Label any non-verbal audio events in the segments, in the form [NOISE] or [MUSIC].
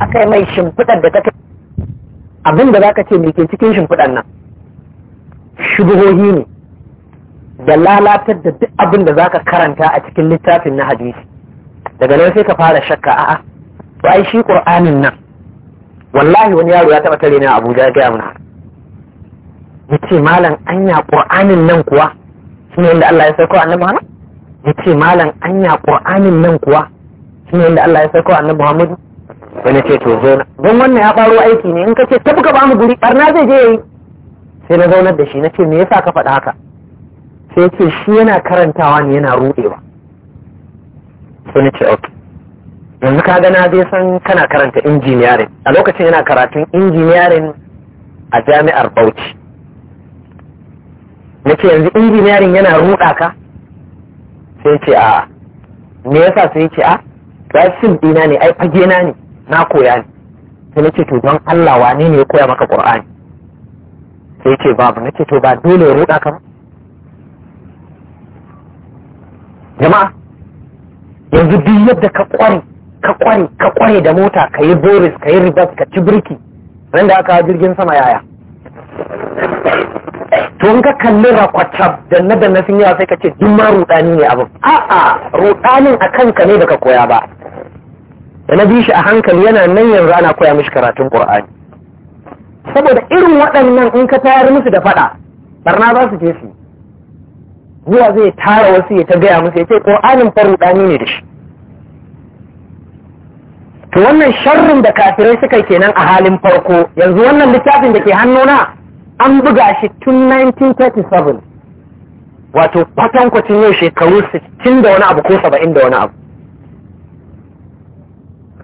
aka yi mai shimfiɗar da ta kai abin da ka ce mai cikin shimfiɗar nan shubuhohi ne da lalatar da duk abin da za ka karanta a cikin littafin na hadisi daga nan sai ka fara shakka a'a to ai shi ƙur'anin nan wallahi wani yaro ya taɓa tare ni a Abuja ya gaya mana ce malam anya ƙur'anin nan kuwa shi inda Allah ya sauko annabi Muhammad ce malam anya ƙur'anin nan kuwa shi inda Allah ya sauko annabi Muhammad sai na ce to zo don wannan ya faro aiki ne in ka ce tafi ka bamu guri barna zai je yi sai na zaunar da shi na ce me yasa ka faɗa haka sai ce shi yana karantawa ne yana rudewa sai na ce ok yanzu ka gana zai san kana karanta injiniyarin a lokacin yana karatun injiniyarin a jami'ar bauchi na ce yanzu injiniyarin yana ruɗa ka sai ce a me yasa sai ce a rasin ɗina ne ai na ne na koya ne sai na ce to don Allah wane ne ya koya maka Qur'ani sai ce babu na ce to ba dole ya ruɗa ka ba jama'a yanzu duk yadda ka kware ka kware ka kware da mota ka yi boris ka yi ribas ka ci birki ran da aka jirgin sama yaya to in ka kalli rakwata danna danna sun yawa sai ka ce duk ma rudani ne abin a'a rudanin a kanka ne ka koya ba da na bi shi a hankali yana nan yanzu ana koya mishi karatun ƙur'ani saboda irin waɗannan in ka tayar musu da faɗa barna za su je su zuwa zai tara wasu ya ta gaya musu ya ce ƙur'anin faruɗani ne da shi to wannan sharrin da kafirai suka yi kenan a halin farko yanzu wannan littafin da ke hannuna an buga shi tun 1937 wato kwatankwacin yau shekaru 60 da wani abu ko 70 da wani abu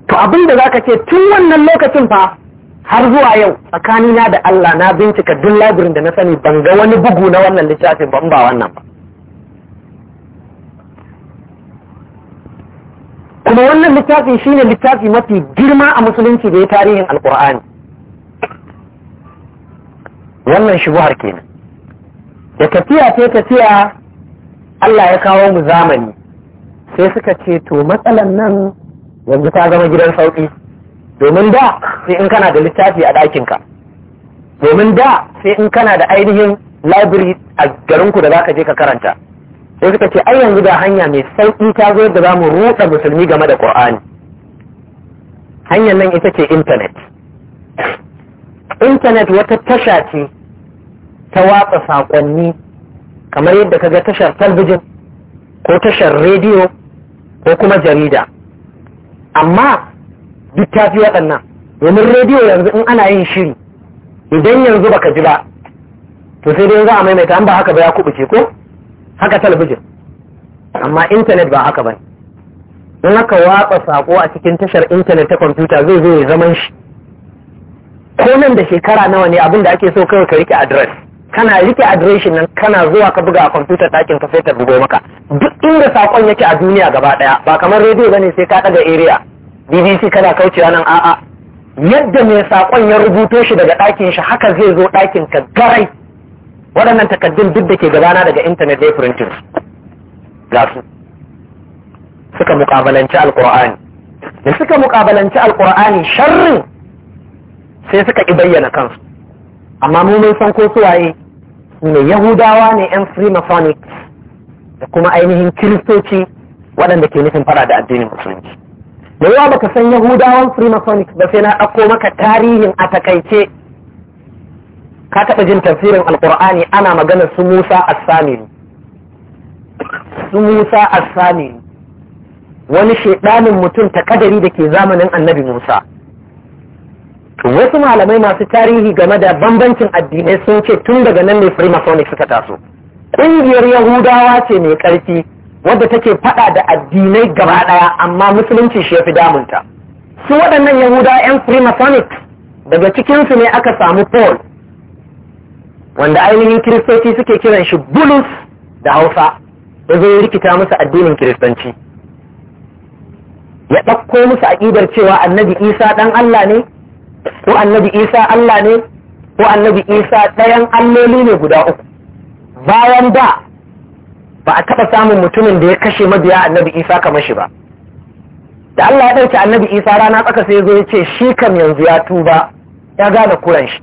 to abin da za ka ce tun wannan lokacin fa har zuwa yau tsakanina da Allah na bincika duk labirin da na sani ban ga wani bugu na wannan littafin ban ba wannan ba kuma wannan littafi shine littafi mafi girma a musulunci da ya tarihin alkur'ani wannan shubuhar kenan da tafiya ce tafiya Allah ya kawo mu zamani sai suka ce to matsalan nan yanzu ta zama gidan sauki domin da sai in kana da littafi a ɗakinka domin da sai in kana da ainihin labiri a garinku da za ka je ka karanta sai suka ce ai yanzu da hanya mai sauki ta zo da za mu rutsa musulmi game da kur'ani hanyar nan ita ce intanet intanet wata tasha ce ta watsa saƙonni kamar yadda ka ga tashar talbijin ko tashar rediyo ko kuma jarida amma duk ta fi waɗannan domin rediyo yanzu in ana yin shiri idan yanzu baka ji ba to sai dai za a maimaita an ba haka ba ya kubuce ko haka talabijin amma intanet ba haka ba in haka watsa sako a cikin tashar intanet ta kwamfuta zai zo ya zaman shi ko nan da shekara nawa ne abin da ake so kawai ka rike adres kana rike adireshin nan kana zuwa ka buga a kwamfutar ɗakin ka sai ta bugo maka duk inda sakon yake a duniya gaba ɗaya ba kamar rediyo bane sai ka ɗaga area bbc kana kaucewa nan a'a yadda mai saƙon ya rubuto shi daga ɗakin shi haka zai zo ɗakin ka garai waɗannan takaddun duk da ke gabana daga intanet dai printing ga su suka muƙabalanci alƙur'ani da suka muƙabalanci alƙur'ani sharrin sai suka ƙi bayyana kansu amma mu mun san ko su waye ne yahudawa ne yan freemasonic da kuma ainihin kiristoci waɗanda ke nufin fara da addinin musulunci da yawa baka san yahudawan freemasonic ba sai na ɗauko maka tarihin a takaice ka taɓa jin tafsirin alkur'ani ana magana su musa assamini su musa wani shaidanin mutum ta kadari da ke zamanin annabi musa to wasu malamai masu tarihi game da bambancin addinai sun ce tun daga nan ne freemasonic suka taso ƙungiyar yahudawa ce mai ƙarfi wadda take faɗa da addinai gaba ɗaya amma musulunci shi ya fi damunta su waɗannan yahudawa 'yan freemasonic daga cikinsu ne aka samu paul wanda ainihin kiristoci suke kiran shi bulus da hausa da zai yi rikita musu addinin kiristanci ya ɗauko musu aƙidar cewa annabi isa ɗan allah ne ko annabi isa Allah ne ko annabi isa ɗayan alloli ne guda uku bayan da ba a taɓa samun mutumin da ya kashe mabiya annabi isa kamar shi ba da Allah ya ɗauki annabi isa rana tsaka sai zo ya ce shi kam yanzu ya tuba ya gane kuran shi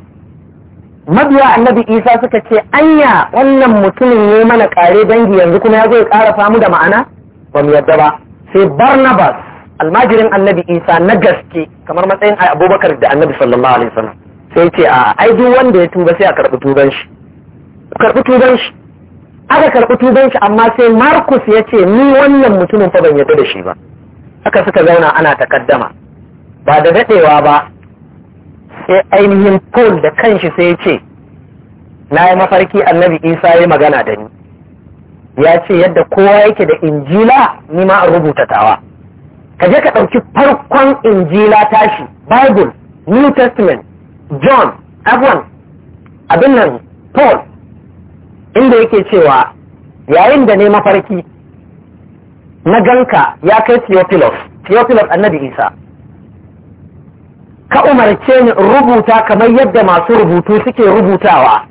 mabiya annabi isa suka ce anya wannan mutumin ne mana kare dangi yanzu kuma ya zo ya ƙara samu da ma'ana ba mu yadda ba sai barnabas almajirin annabi isa na gaske kamar matsayin abubakar da annabi sallallahu alaihi wasallam sai ce a ai duk wanda ya tuba sai a karɓi tuban shi karɓi tuban shi aka karbi tuban shi amma sai markus ya ce ni wannan mutumin fa ban yadda da shi ba aka suka zauna ana takaddama ba da daɗewa ba sai ainihin paul da kanshi sai ya ce na yi mafarki annabi isa ya magana da ni ya ce yadda kowa yake da injila ni ma an rubuta tawa ka je ka ɗauki farkon injila tashi bible new testament john abuwan abin nan paul inda yake cewa yayin da ne mafarki na ganka ya kai theophilus theophilus annabi isa ka umarce ni rubuta kamar yadda masu rubutu suke rubutawa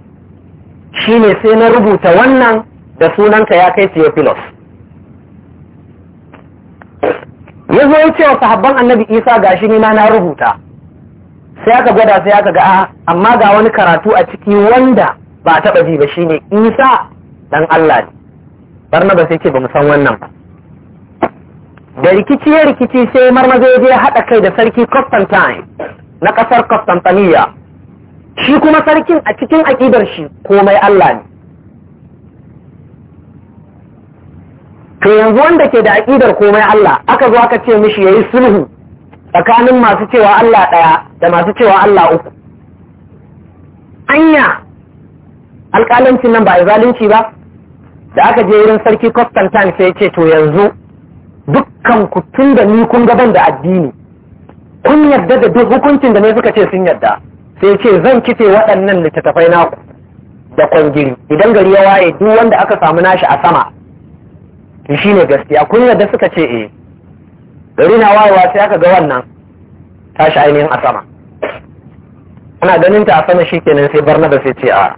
shine sai na rubuta wannan da sunanka ya kai theophilus ya zo ya ce sahabban annabi isa gashi ni ma na rubuta sai aka gwada sai aka ga amma ga wani karatu a ciki wanda ba taɓa ji ba shine isa dan allah ne ba sai ce ba san wannan ba da rikici ya rikici sai marmaza ya je ya haɗa kai da sarki constantine na ƙasar constantinople shi kuma sarkin a cikin aƙidar shi komai allah ne to yanzu wanda ke da aƙidar komai Allah aka zo aka ce mishi yayi sulhu tsakanin masu cewa Allah ɗaya da masu cewa Allah uku anya alƙalancin nan ba a zalunci ba da aka je wurin sarki Constantine sai ya ce to yanzu dukkan ku tun da ni kun gaban da addini kun yarda da duk hukuncin da ne suka ce sun yarda sai ce zan kife waɗannan littattafai naku da kwangiri idan gari ya waye duk wanda aka samu nashi a sama Eh, shi ne gaske, gaskiya kunya da suka ce eh gari na wayewa sai aka ga wannan tashi ainihin a sama ana ganin ta a sama shikenan sai da sai ce a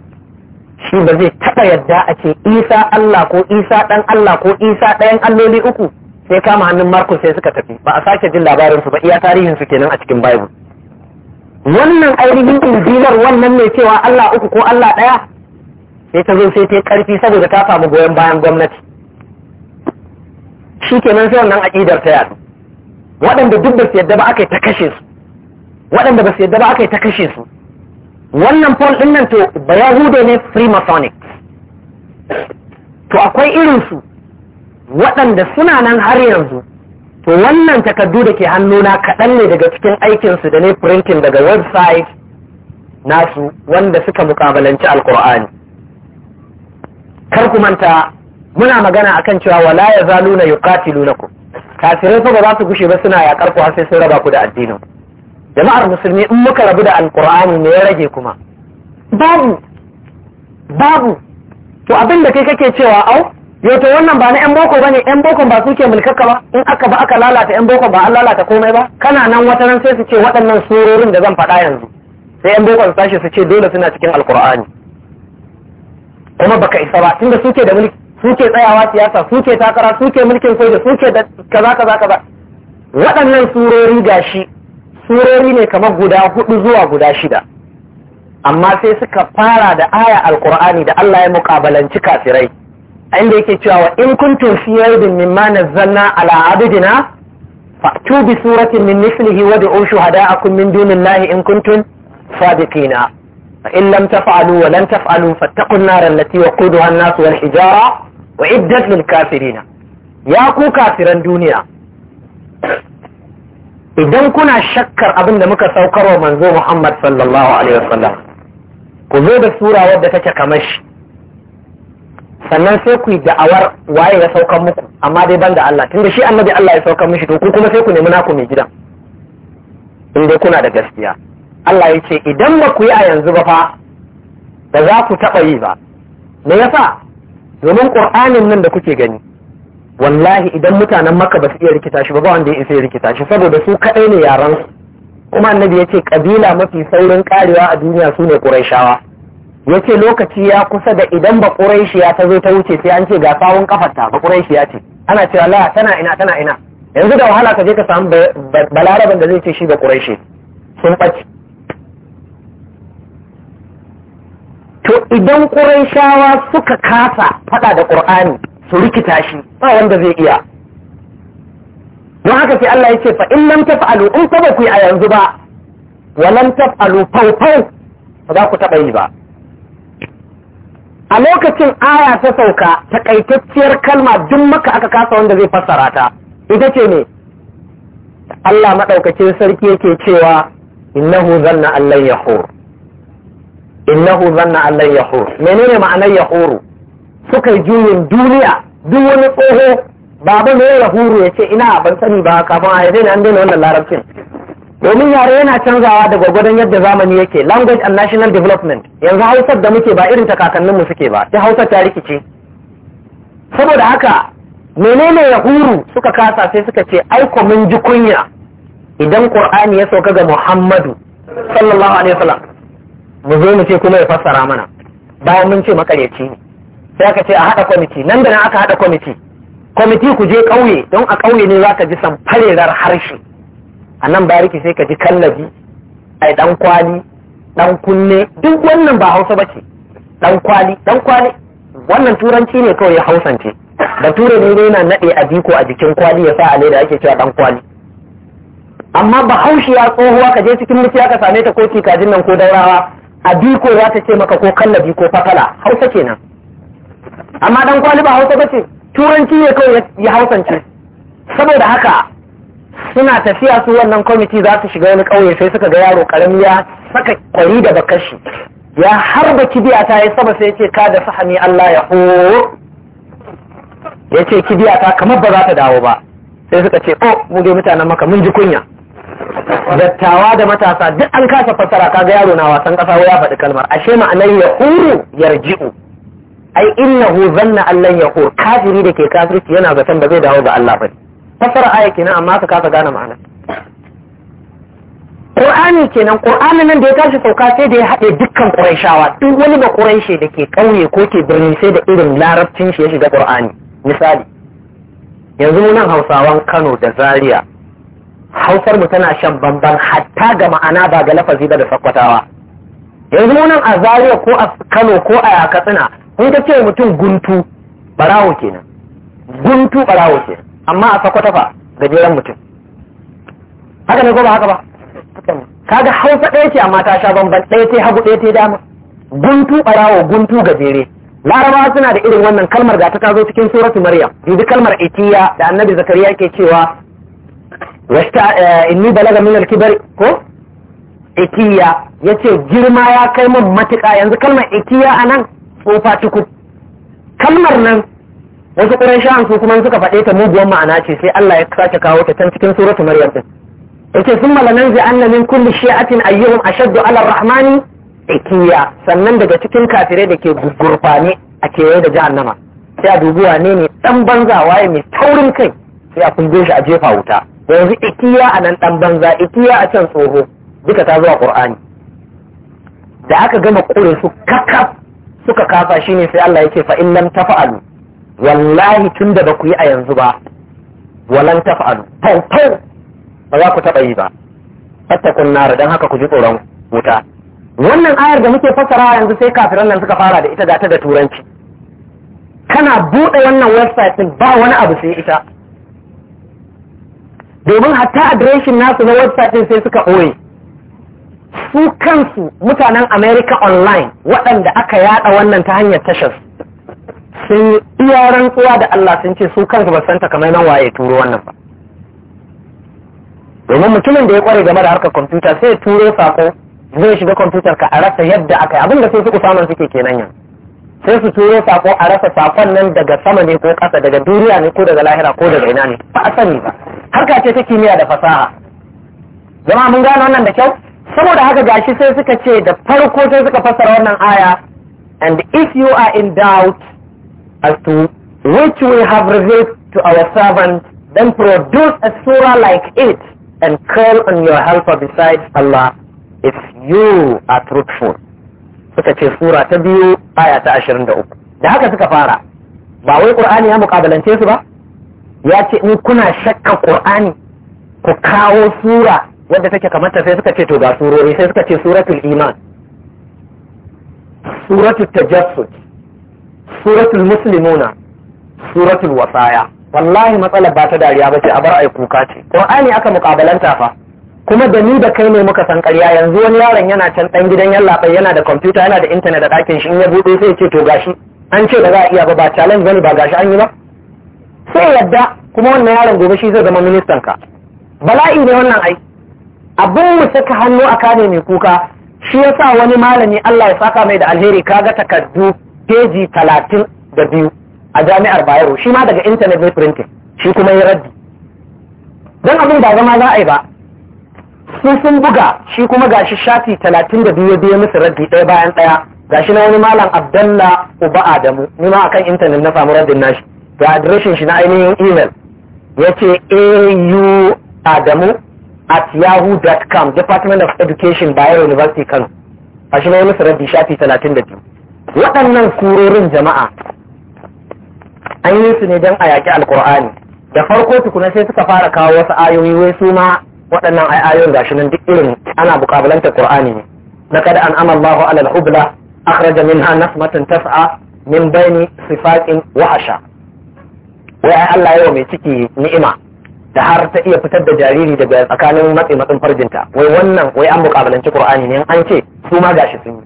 shi ba zai taɓa yadda a ce isa Allah ko isa ɗan Allah ko isa ɗayan alloli uku sai kama hannun Markus sai suka tafi ba a sake jin labarinsu ba iya tarihinsu kenan a cikin Bible wannan ainihin injilar wannan mai cewa Allah uku ko Allah ɗaya sai ta zo sai ta yi karfi saboda ta samu goyon bayan gwamnati shi ke kenan sai wannan aƙidar ta yaɗu. waɗanda duk ba su yadda ba aka yi ta kashe su waɗanda ba su yadda ba aka yi ta kashe su wannan paul ɗin nan to ba ya yahude ne freemasonic to akwai irinsu waɗanda suna nan har yanzu to wannan takardu da ke hannuna kaɗan ne daga cikin aikinsu da ne printing daga website nasu wanda suka mukabalanci Alƙur'ani. kar ku manta muna magana akan cewa wala ya luna ku. kafirai fa ba za su gushe ba suna yaƙar ku sai sun raba ku da addinin jama'ar musulmi in muka rabu da alƙur'ani ne ya rage kuma babu babu to abin da kai kake cewa au yato wannan ba na yan boko ba ne. yan boko ba su ke mulkaka ba in aka ba aka lalata yan boko ba an lalata komai ba kana nan wata nan sai su ce waɗannan surorin da zan faɗa yanzu sai yan boko su tashi su ce dole suna cikin alƙur'ani kuma baka isa ba tunda suke da mulki suke tsayawa siyasa suke takara suke mulkin soja suke da kaza kaza kaza waɗannan surori gashi surori ne kamar guda hudu zuwa guda shida amma sai suka fara da aya alkur'ani da Allah ya muƙabalanci kafirai inda yake cewa wa in kuntum fi raibin mimma nazzalna ala abidina fa'tu bi suratin min mislihi wad'u shuhada'akum min dunillahi in kuntum sadiqina fa in lam taf'alu wa lan taf'alu fattaqun nar allati waquduha an-nas wal hijara wa iddat lil kafirina ya ku kafiran duniya idan kuna shakkar abin da muka saukar wa manzo Muhammad sallallahu alaihi wasallam ku zo da sura wadda take kamar shi sannan sai ku yi da'awar waye ya saukar muku amma dai banda Allah tunda shi annabi Allah ya saukar mishi to ku kuma sai ku nemi naku mai gidan inda kuna da gaskiya Allah ya ce idan ba ku yi a yanzu ba fa ba za ku taɓa yi ba me yasa domin ƙur'anin nan da kuke gani wallahi idan mutanen maka ba su iya rikita shi ba ba wanda ya isa rikita shi saboda su kaɗai ne yaran su kuma annabi yace kabila mafi saurin karewa a duniya su ne ƙurayshawa yace lokaci ya kusa da idan ba ƙurayshiya ta zo ta wuce sai an ce ga sawun kafarta ba ƙurayshiya ce ana cewa la tana ina tana ina yanzu da wahala ka je ka samu balaraban da zai ce shi ba ƙuraishi sun ɓace. to idan shawa suka kasa faɗa da ƙur'ani su rikita shi ba wanda zai iya don haka sai Allah ya ce fa in lam taf'alu in ta ku a yanzu ba wa lam taf'alu fawfaw ba za ku taɓa yi ba a lokacin aya ta sauka takaitacciyar kalma duk maka aka kasa wanda zai fassara ta ita ce ne Allah maɗaukacin sarki yake cewa innahu zanna ya yahur innahu zanna allan yahur menene ma'anar yahuru suka yi juyin duniya duk wani tsoho baba ne yahuru ya ce ina ban sani ba kafin a yadda an daina wannan larabcin domin yare yana canzawa da gwagwadon yadda zamani yake language and national development yanzu hausar da muke ba irin ta kakanninmu suke ba ta hausar ta rikice saboda haka menene yahuru suka kasa sai suka ce aiko mun ji kunya idan qur'ani ya sauka ga muhammadu sallallahu alaihi wasallam mu zo mu ce kuma ya fassara mana bayan mun ce makaryaci ne sai aka ce a haɗa kwamiti nan da nan aka haɗa kwamiti kwamiti ku je ƙauye don a ƙauye ne za ka ji samfarerar harshe a nan bariki sai ka ji kallabi ai ɗan kwali ɗan kunne duk wannan ba hausa ba ce ɗan kwali ɗan kwali wannan turanci ne kawai ya hausance da tura ne yana naɗe a biko a jikin kwali ya sa a leda ake cewa ɗan kwali amma ba haushi ya tsohuwa ka je cikin miki ka same ta ko kajin nan ko daurawa a biko za ta ce maka ko kallabi ko fatala hausa kenan amma dan kwali ba hausa ba ce turanci ne kawai ya hausance saboda haka suna tafiya su wannan kwamiti za su shiga wani kauye sai suka ga yaro karami ya saka kwari da bakashi ya harba kibiya ta yi saba sai ce ka da sahani Allah ya ho ya ce kibiya ta kamar ba za ta dawo ba sai suka ce oh mu dai mutanen maka mun ji kunya dattawa da matasa duk an kasa fassara kaga yaro na wasan kasa ya faɗi kalmar ashe ma'anar ya huru yarji'u ai innahu zanna allan ya huru kafiri da ke kafirci yana zaton da zai dawo ga Allah bane fassara aya kenan amma ka kasa gane ma'anar Qur'ani kenan Qur'ani nan da ya tashi sauka sai da ya haɗe dukkan Qurayshawa duk wani ba Qurayshi da ke ƙauye ko ke birni sai da irin larabcin shi ya shiga Kur'ani. misali yanzu mu nan Hausawan Kano da Zaria hausar mu tana shan bamban hatta ga ma'ana ba ga lafazi ba da sakwatawa yanzu nan a Zariya ko a kano ko a katsina kun ka ce mutum guntu barawo kenan guntu barawo ce, amma a sakwata fa gajeren mutum haka ne ko ba haka ba kaga hausa ɗaya ce amma ta sha bamban ɗaya ce hagu ɗaya ce dama guntu barawo guntu gajere larabawa suna da irin wannan kalmar ga ta zo cikin suratu maryam yanzu kalmar itiya da annabi zakariya ke cewa wasta eh, inni balaga min al ko ikiya yace girma ya kai mun matuƙa yanzu kalmar ikiya anan tsofa tuku kalmar nan wasu ƙurayshan su kuma suka faɗe ta muguwan ma'ana ce sai Allah ya sake kawo ta can cikin suratu maryam din yace thumma zai anna min kulli shi'atin ayyuhum ashaddu ala ar-rahmani ikiya sannan daga cikin kafire da ke gurfane a kewaye da jahannama sai a dubuwa ne ne dan banza waye mai taurin kai sai a kunge shi a jefa wuta yanzu ikiya a nan ɗan banza ikiya a can tsoho duka ta zuwa ƙur'ani da aka gama ƙure su kakaf suka kafa shine sai Allah yake fa in lam tafa'alu wallahi tun da ba ku yi a yanzu ba walan tafa'alu tau tau ba za ku taɓa yi ba fattakun nara don haka ku ji tsoron wuta wannan ayar da muke fassara yanzu sai kafiran nan suka fara da ita da ta da turanci kana buɗe wannan website ba wani abu sai ita domin hatta adireshin nasu na website sai suka ɓoye su kansu mutanen america online waɗanda aka yada wannan ta hanyar tashar sun iya rantsuwa da allah sun ce su kansu ba san takamaiman waye turo wannan ba domin mutumin da ya kware game da harkar kwamfuta sai ya turo sako zai shiga kwamfutar ka a rasa yadda aka yi abinda sai su kusaman suke kenan yanzu sai su turo sako a rasa sakon nan daga sama ne ko ƙasa daga duniya ne ko daga lahira ko daga ina ne ba a sani ba harka ce ta kimiyya da fasaha jama'a mun gane wannan da kyau saboda haka gashi sai suka ce da farko sai suka fassara wannan aya and if you are in doubt as to which we have revealed to our servant then produce a surah like it and call on your helper besides Allah if you are truthful suka ce sura ta biyu aya ta ashirin da uku da haka suka fara ba wai ƙur'ani ya mukabalance su ba ya ce in kuna shakka ƙur'ani ku kawo sura wadda take kamar ta sai suka ce to ga surori sai suka ce suratul iman suratul tajassud suratul muslimuna suratul wasaya wallahi matsalar ba ta dariya ba ce a bar ai kuka ce ƙur'ani aka muƙabalanta fa kuma da ni da kai ne muka san ƙarya yanzu wani yaron yana can ɗan gidan yallafai yana da kwamfuta yana da intanet da ɗakin shi in ya buɗe sai ce to gashi an ce da za a iya ba ba challenge bane ba gashi an yi ba sai yadda kuma wannan yaron gobe shi zai zama ministan ka bala'i ne wannan ai abin mu saka hannu a kane mai kuka shi ya sa wani malami Allah ya saka mai da alheri ka ga takardu keji talatin da biyu a jami'ar Bayero shi ma daga intanet ne printing shi kuma ya raddi don abin ba zama za a yi ba su sun buga shi kuma gashi shafi talatin da biyu biyu musu raddi ɗaya bayan ɗaya gashi na wani malam abdalla uba adamu ni ma akan intanet na samu raddin nashi ga adireshin shi na ainihin email ya ce au adamu at yahoo.com department of education bayero university kano gashi na wani musu raddi shafi talatin da biyu waɗannan kurorin jama'a an yi su ne don a yaƙi alkur'ani da farko tukuna sai suka fara kawo wasu ayoyi wai su ma waɗannan ai ayoyin gashi nan duk irin ana buƙabalantar qur'ani ne na kada an amal Allahu alal hubla akhraja minha nasmatan tas'a min baini sifatin wa wai ai Allah yawa mai ciki ni'ima da har ta iya fitar da jariri daga tsakanin matsi matsin farjinta wai wannan wai an muƙabalanci qur'ani ne an ce su ma gashi sun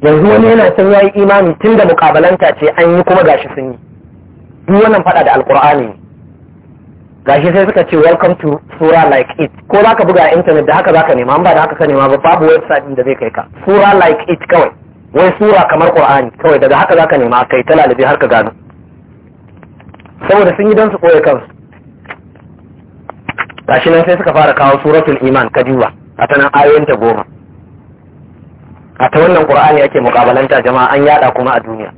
yi yanzu wani yana can yayi imani tunda muƙabalanta ce an yi kuma gashi sun yi duk wannan fada da alqur'ani gashi sai suka ce welcome to sura like it ko za ka buga a intanet da haka za ka nema ba da haka ka nema ba babu website din da zai kai ka sura like it kawai wai sura kamar qur'ani kawai daga haka za ka nema kai ta lalabi har ka gano saboda sun yi don su koya kansu gashi nan sai suka fara kawo suratul iman duba a ta nan ayoyin ta goma a ta wannan qur'ani ake mukabalanta jama'a an yada kuma a duniya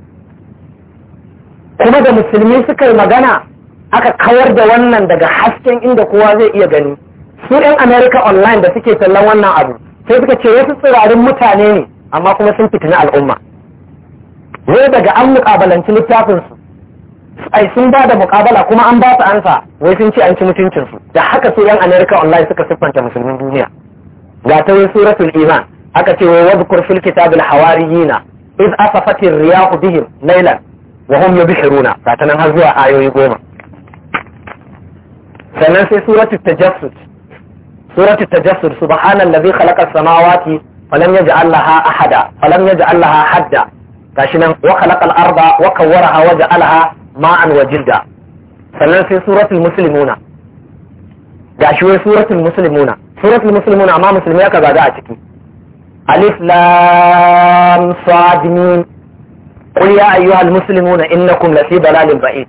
kuma da musulmi suka yi magana aka kawar da wannan daga hasken inda kowa zai iya gani su yan america online da suke tallan wannan abu sai suka ce wasu tsirarin mutane ne amma kuma sun fitina al'umma wai daga an mukabalanci littafinsu ai sun ba da mukabala kuma an ba su ansa wai sun ce an ci mutuncinsu da haka su yan america online suka siffanta musulmin duniya ga ta wai suratul iman aka ce wai wadkur fil kitabil hawariyina iz asafatir riyahu bihim laylan wa hum yubhiruna ga ta nan har zuwa ayoyi goma sannan sai suratu tajassud suratu tajassud subhanallazi khalaqa samawati falam yaj'al laha ahada falam yaj'al laha hadda gashi nan wa khalaqa al-arda wa kawwaraha wa ja'alaha ma'an wa jilda sannan sai suratul muslimuna gashi wai suratul muslimuna suratul muslimuna amma musulmai aka zaga a ciki alif lam sad mim qul ya ayyuhal muslimuna innakum lafi dalalin ba'id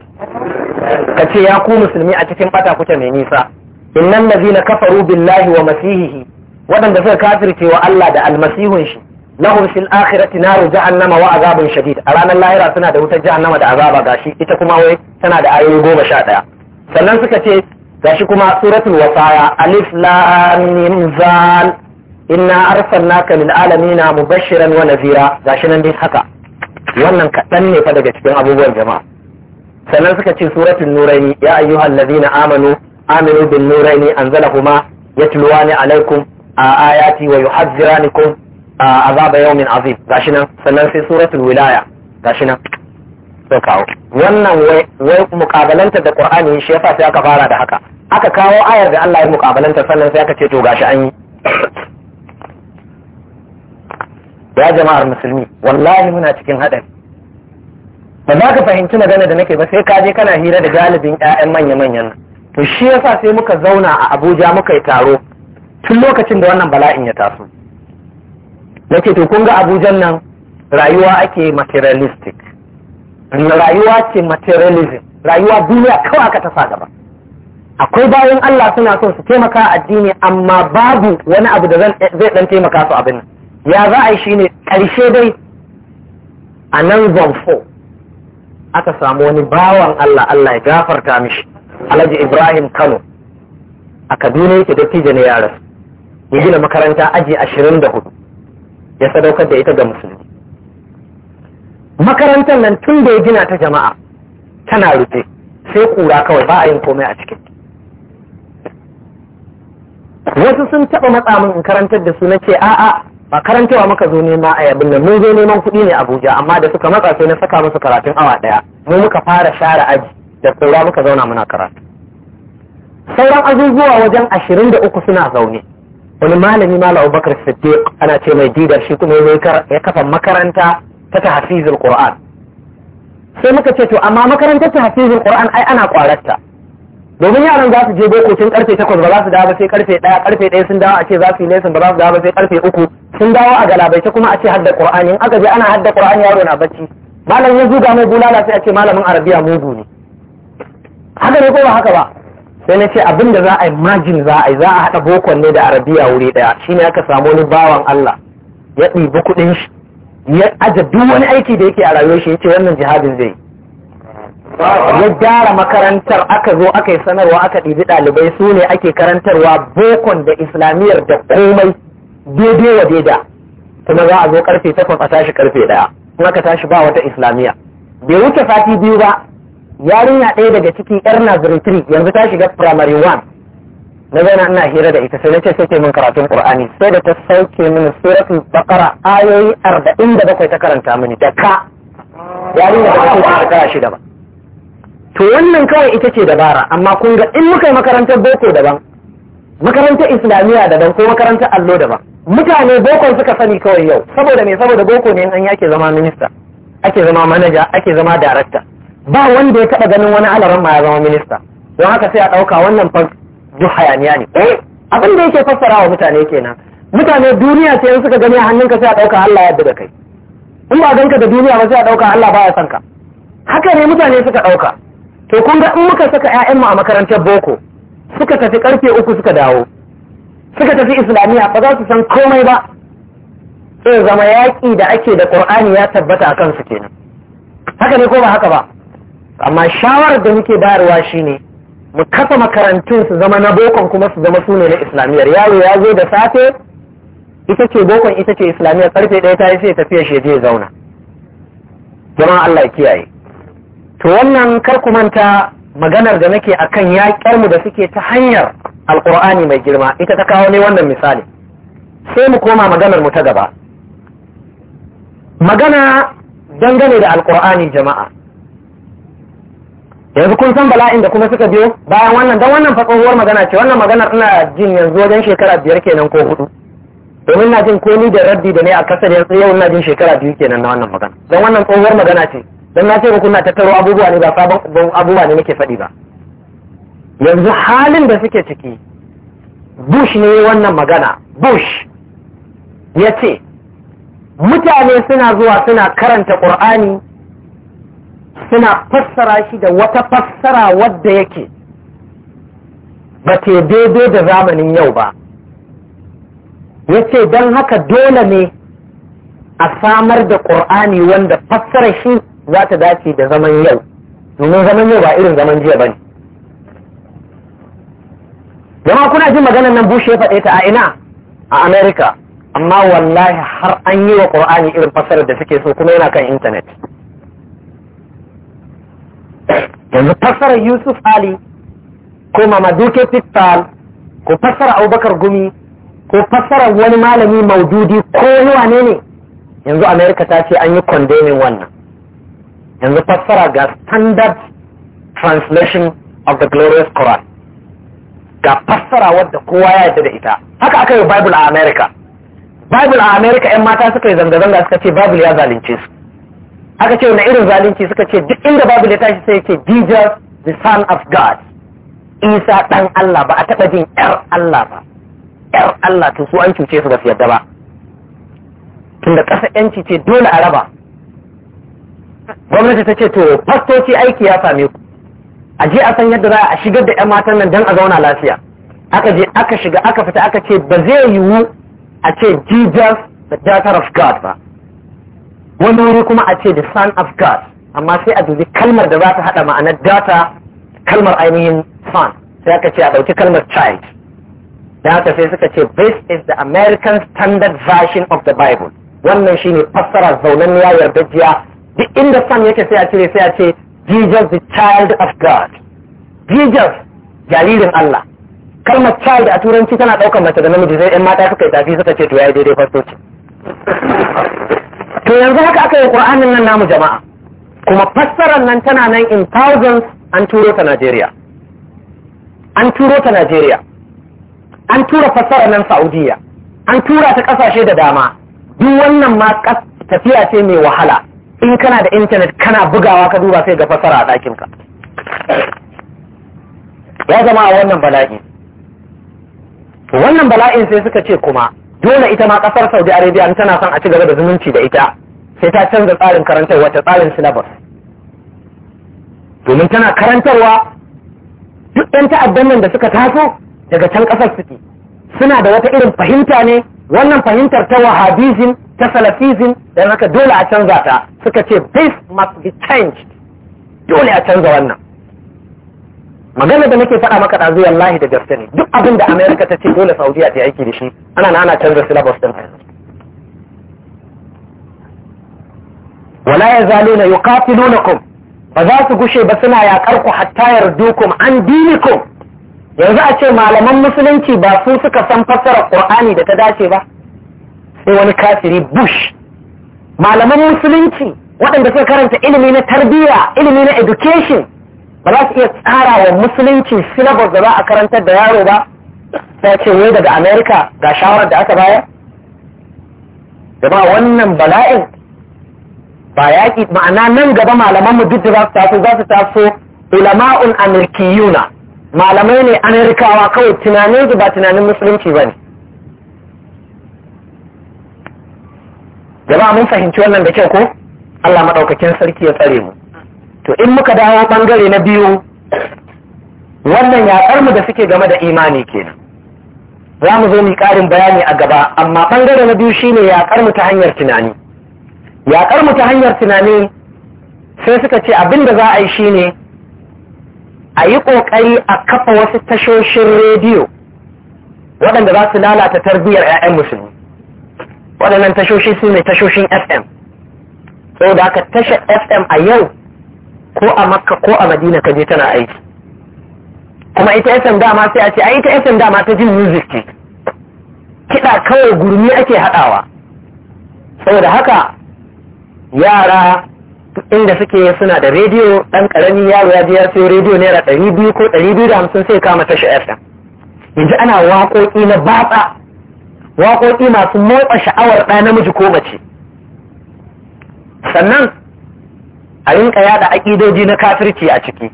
kace ya ku musulmi a cikin bata kuke mai nisa innal ladina kafaru billahi wa masihihi waɗanda suka kafirce wa Allah da almasihun shi lahum fil akhirati naru jahannama wa azabun shadid a ranar lahira suna da wutar jahannama da azaba gashi ita kuma wai tana da ayoyi goma sha daya. sannan suka ce gashi kuma suratul wasaya alif lam mim zal inna arsalnaka mu alamina mubashiran wa gashi nan dai haka wannan kaɗan ne fa daga cikin abubuwan jama'a sannan suka ce suratun nuraini ya ayyuha allazina amanu aminu bin nuraini anzalahuma yatluwani alaikum a ayati wa a azaba yawmin azim gashi nan sannan sai suratul wilaya gashi nan so kawo wannan wai mukabalanta da qur'ani shi yasa sai aka fara da haka aka kawo ayar da Allah ya mukabalanta sannan sai aka ce to gashi an yi ya jama'ar musulmi wallahi muna cikin haɗari ba za ka fahimci magana da nake ba sai ka je kana hira da galibin 'ya'yan manya-manyan nan to shi yasa sai muka zauna a abuja muka yi taro tun lokacin da wannan bala'in ya taso Na ce to kun ga abujan nan rayuwa ake materialistic rayuwa ce materialism rayuwa duniya kawai aka tafa gaba akwai bayan Allah suna son su taimaka addini amma babu wani abu da zai dan taimaka su abin ya za a yi shi ne ƙarshe dai a nan zonfo aka samu wani bawan Allah Allah ya gafarta mishi alhaji ibrahim kano a kaduna yake dattijo na rasu ya gina makaranta aji ashirin da hudu ya sadaukar da ita ga musulmi makarantar nan tun da ya gina ta jama'a tana rufe sai kura kawai ba a yin komai a cikin wasu sun taɓa matsamin in karantar da su na ce a'a ba karantawa muka zo nema a yabin nan mun zo neman kuɗi ne Abuja amma da suka matsa sai na saka musu karatun awa ɗaya mu muka fara share aji da saura muka zauna muna karatu sauran azuzuwa wajen ashirin da uku suna zaune wani malami malam Abubakar Siddiq ana ce mai didar shi kuma ya kafa makaranta ta tahfizul Qur'an sai muka ce to amma makarantar tahfizul Qur'an ai ana kwararta domin yaran za su je boko karfe takwas ba za su dawo ba sai karfe ɗaya karfe ɗaya sun dawo a ce za su yi lesson ba za su dawo ba sai karfe uku sun dawo a galabaice kuma a ce hadda ƙur'ani in aka je ana hadda ƙur'ani yaro na bacci malam ya zuga mai bulala sai a ce malamin arabiya mugu ne haka ne ko ba haka ba sai na ce abin da za a yi majin za a yi za a haɗa bokon ne da arabiya wuri ɗaya ne aka samu wani bawan Allah ya ɗibi kuɗin shi ya aje duk wani aiki da yake a rayuwar shi ya ce wannan jihadin zai ya gyara makarantar aka zo aka yi sanarwa aka ɗibi ɗalibai su ne ake karantarwa bokon da islamiyar da komai daidai wa daida kuma za a zo karfe takwas a tashi karfe ɗaya kuma aka tashi ba wata islamiyya bai wuce sati biyu ba yarinya ɗaya daga ciki yar naziritri yanzu ta shiga primary one na zauna ina hira da ita sai nace sai ke min karatun qur'ani sai da ta sauke mini suratul baqara ayoyi arba'in da bakwai ta karanta mini da ka yarinya da ta shekara shida ba to wannan kawai ita ce dabara amma kun ga in muka yi makarantar boko daban makarantar islamiyya daban ko makarantar allo daban mutane bokon suka sani kawai yau saboda me saboda boko ne an yake zama minista ake zama manaja ake zama darakta ba wanda ya taba ganin wani alaran ma ya zama minista don haka sai a ɗauka wannan fa ju hayaniya ne eh abin da yake fassara wa mutane kenan mutane duniya sai suka gani a hannunka sai a ɗauka Allah ya da kai in ba ganka da duniya ba sai a ɗauka Allah baya son ka haka ne mutane suka ɗauka to kun ga in muka saka mu a makarantar boko suka tafi karfe uku suka dawo suka tafi islamiyya ba za su san komai ba sai zama yaƙi da ake da ƙur'ani ya tabbata a kansu kenan haka ne ko ba haka ba amma shawarar da muke bayarwa shine mu kafa makarantun su zama na bokon kuma su zama sune na islamiyyar yaro ya zo da safe ita ce bokon ita ce islamiyyar karfe ɗaya ta yi sai tafiya shi je zauna jama'a Allah ya kiyaye to wannan kar manta maganar da nake akan yaƙar mu da suke ta hanyar alƙur'ani mai girma ita ta kawo ne wannan misali sai mu koma maganar mu ta gaba magana dangane da alƙur'ani jama'a yanzu kun san bala'in da kuma suka biyo bayan wannan don wannan fatsohuwar magana ce wannan maganar ina jin yanzu wajen shekara biyar kenan ko hudu domin na jin komi da rabbi da ne a kasar yanzu yau ina jin shekara biyu kenan na wannan magana don wannan tsohuwar magana ce don na ce muku na tattaro abubuwa ne ba sabon abubuwa ne nake faɗi ba yanzu halin da suke ciki bush ne wannan magana bush ya ce mutane suna zuwa suna karanta ƙur'ani suna fassara shi da wata fassara wadda yake ba te daidai da zamanin yau ba ya ce don haka dole ne a samar da ƙur'ani wanda fassara shi za ta dace da zaman yau domin zaman yau ba irin zaman jiya ba ne jama'a kuna jin maganar nan bushe faɗe ta a ina a Amerika? amma wallahi har an yi wa ƙur'ani irin fassarar da suke so kuma yana kan intanet yanzu fassarar yusuf ali ko mamaduke pitfall ko fassara abubakar gumi ko fassarar wani malami maududi ko yawa ne yanzu amerika ta ce an yi kondemin wannan yanzu fassara ga standard translation of the glorious Quran ga fassara wadda kowa ya yarda da ita haka aka yi Bible a America Bible a America ‘yan mata suka yi zanga-zanga suka ce Bible ya zalunce su aka ce wani irin zalunci suka ce duk inda Bible ya tashi sai yake, Jesus the son of God Isa ɗan Allah ba a taɓa jin ‘yar Allah ba ‘yar Allah tun su an cuce su ba su yarda ba tunda ƙasa ‘yanci ce dole a raba gwamnati ta ce to fastoci aiki ya same ku a je a san yadda za a shigar da 'yan matan nan don a zauna lafiya aka je aka shiga aka fita aka ce ba zai yiwu a ce jesus the daughter of god ba wani wuri kuma a ce the son of god amma sai a dubi kalmar da za ta hada ma'anar data kalmar ainihin son sai aka ce a ɗauki kalmar child da haka sai suka ce this is the american standard version of the bible wannan shine fassara zaunan ya yarda jiya duk inda son yake sai a cire sai a ce Jesus the child of God Jesus jaririn Allah kalmar child a turanci tana ɗaukar mace da namiji sai yan mata suka yi tafi suka ce to yayi daidai fastoci to yanzu haka aka yi Qur'anin nan namu jama'a kuma fassarar nan tana nan in thousands an turo ta Najeriya an turo ta Najeriya an tura fassarar nan Saudiya an tura ta kasashe da dama duk wannan ma tafiya ce mai wahala in kana da intanet kana bugawa ka duba sai ga fasara a ɗakinka ya zama a wannan bala'i wannan bala'in sai suka ce kuma dole ita ma ƙasar saudi arabia in tana son a ci gaba da zumunci da ita sai ta canza tsarin karantarwa ta tsarin silabar. domin tana karantarwa duk ɗan ta'addan nan da suka taso daga can ƙasar suke suna da wata irin fahimta ne wannan fahimtar ta wahabism ta salafism da haka dole a canza ta suka ce this must be changed dole a canza wannan magana da nake faɗa maka ɗazu wallahi da gaske ne duk abin da america ta ce dole saudiya ta yi aiki da shi ana na ana canza syllabus din wala yazaluna yuqatilunakum ba za su gushe ba suna yakar ku hatta yardukum an dinikum yanzu a ce malaman musulunci ba su suka san fassara qur'ani da ta dace ba sai wani kafiri bush malaman musulunci waɗanda suka karanta ilimi na tarbiyya ilimi na education ba za su iya tsara wa musulunci syllabus da za a karantar da yaro ba sai ce wai daga america ga shawarar da aka bayar gaba wannan bala'in ba yaƙi ma'ana nan gaba malaman mu duk da za su taso za su taso ulama'un amirkiyuna malamai ne amerikawa kawai tunanin ba tunanin musulunci ba ne jama'a mun fahimci wannan da kyau ko Allah madaukakin sarki ya tsare mu to in muka dawo bangare na biyu wannan ya karmu da suke game da imani kenan za mu zo mu karin bayani a gaba amma bangare na biyu shine ya karmu ta hanyar tunani ya karmu ta hanyar tunani sai suka ce abin da za a yi shine a yi ƙoƙari a kafa wasu tashoshin rediyo waɗanda za su lalata tarbiyyar 'ya'yan musulmi waɗannan tashoshi su ne tashoshin fm da aka tashar fm a yau ko a makka ko a madina ka je tana aiki kuma ita fm dama sai a ce a ita fm dama ta jin music ce kiɗa kawai gurmi ake haɗawa saboda haka yara inda suke suna da rediyo ɗan ƙarami yaro ya je ya sayo rediyo naira ɗari biyu ko ɗari biyu da hamsin sai kama tashi fm yanzu ana waƙoƙi na batsa waƙoƙi masu motsa sha'awar ɗa namiji ko mace sannan a rinka yada aƙidoji na kafirci a ciki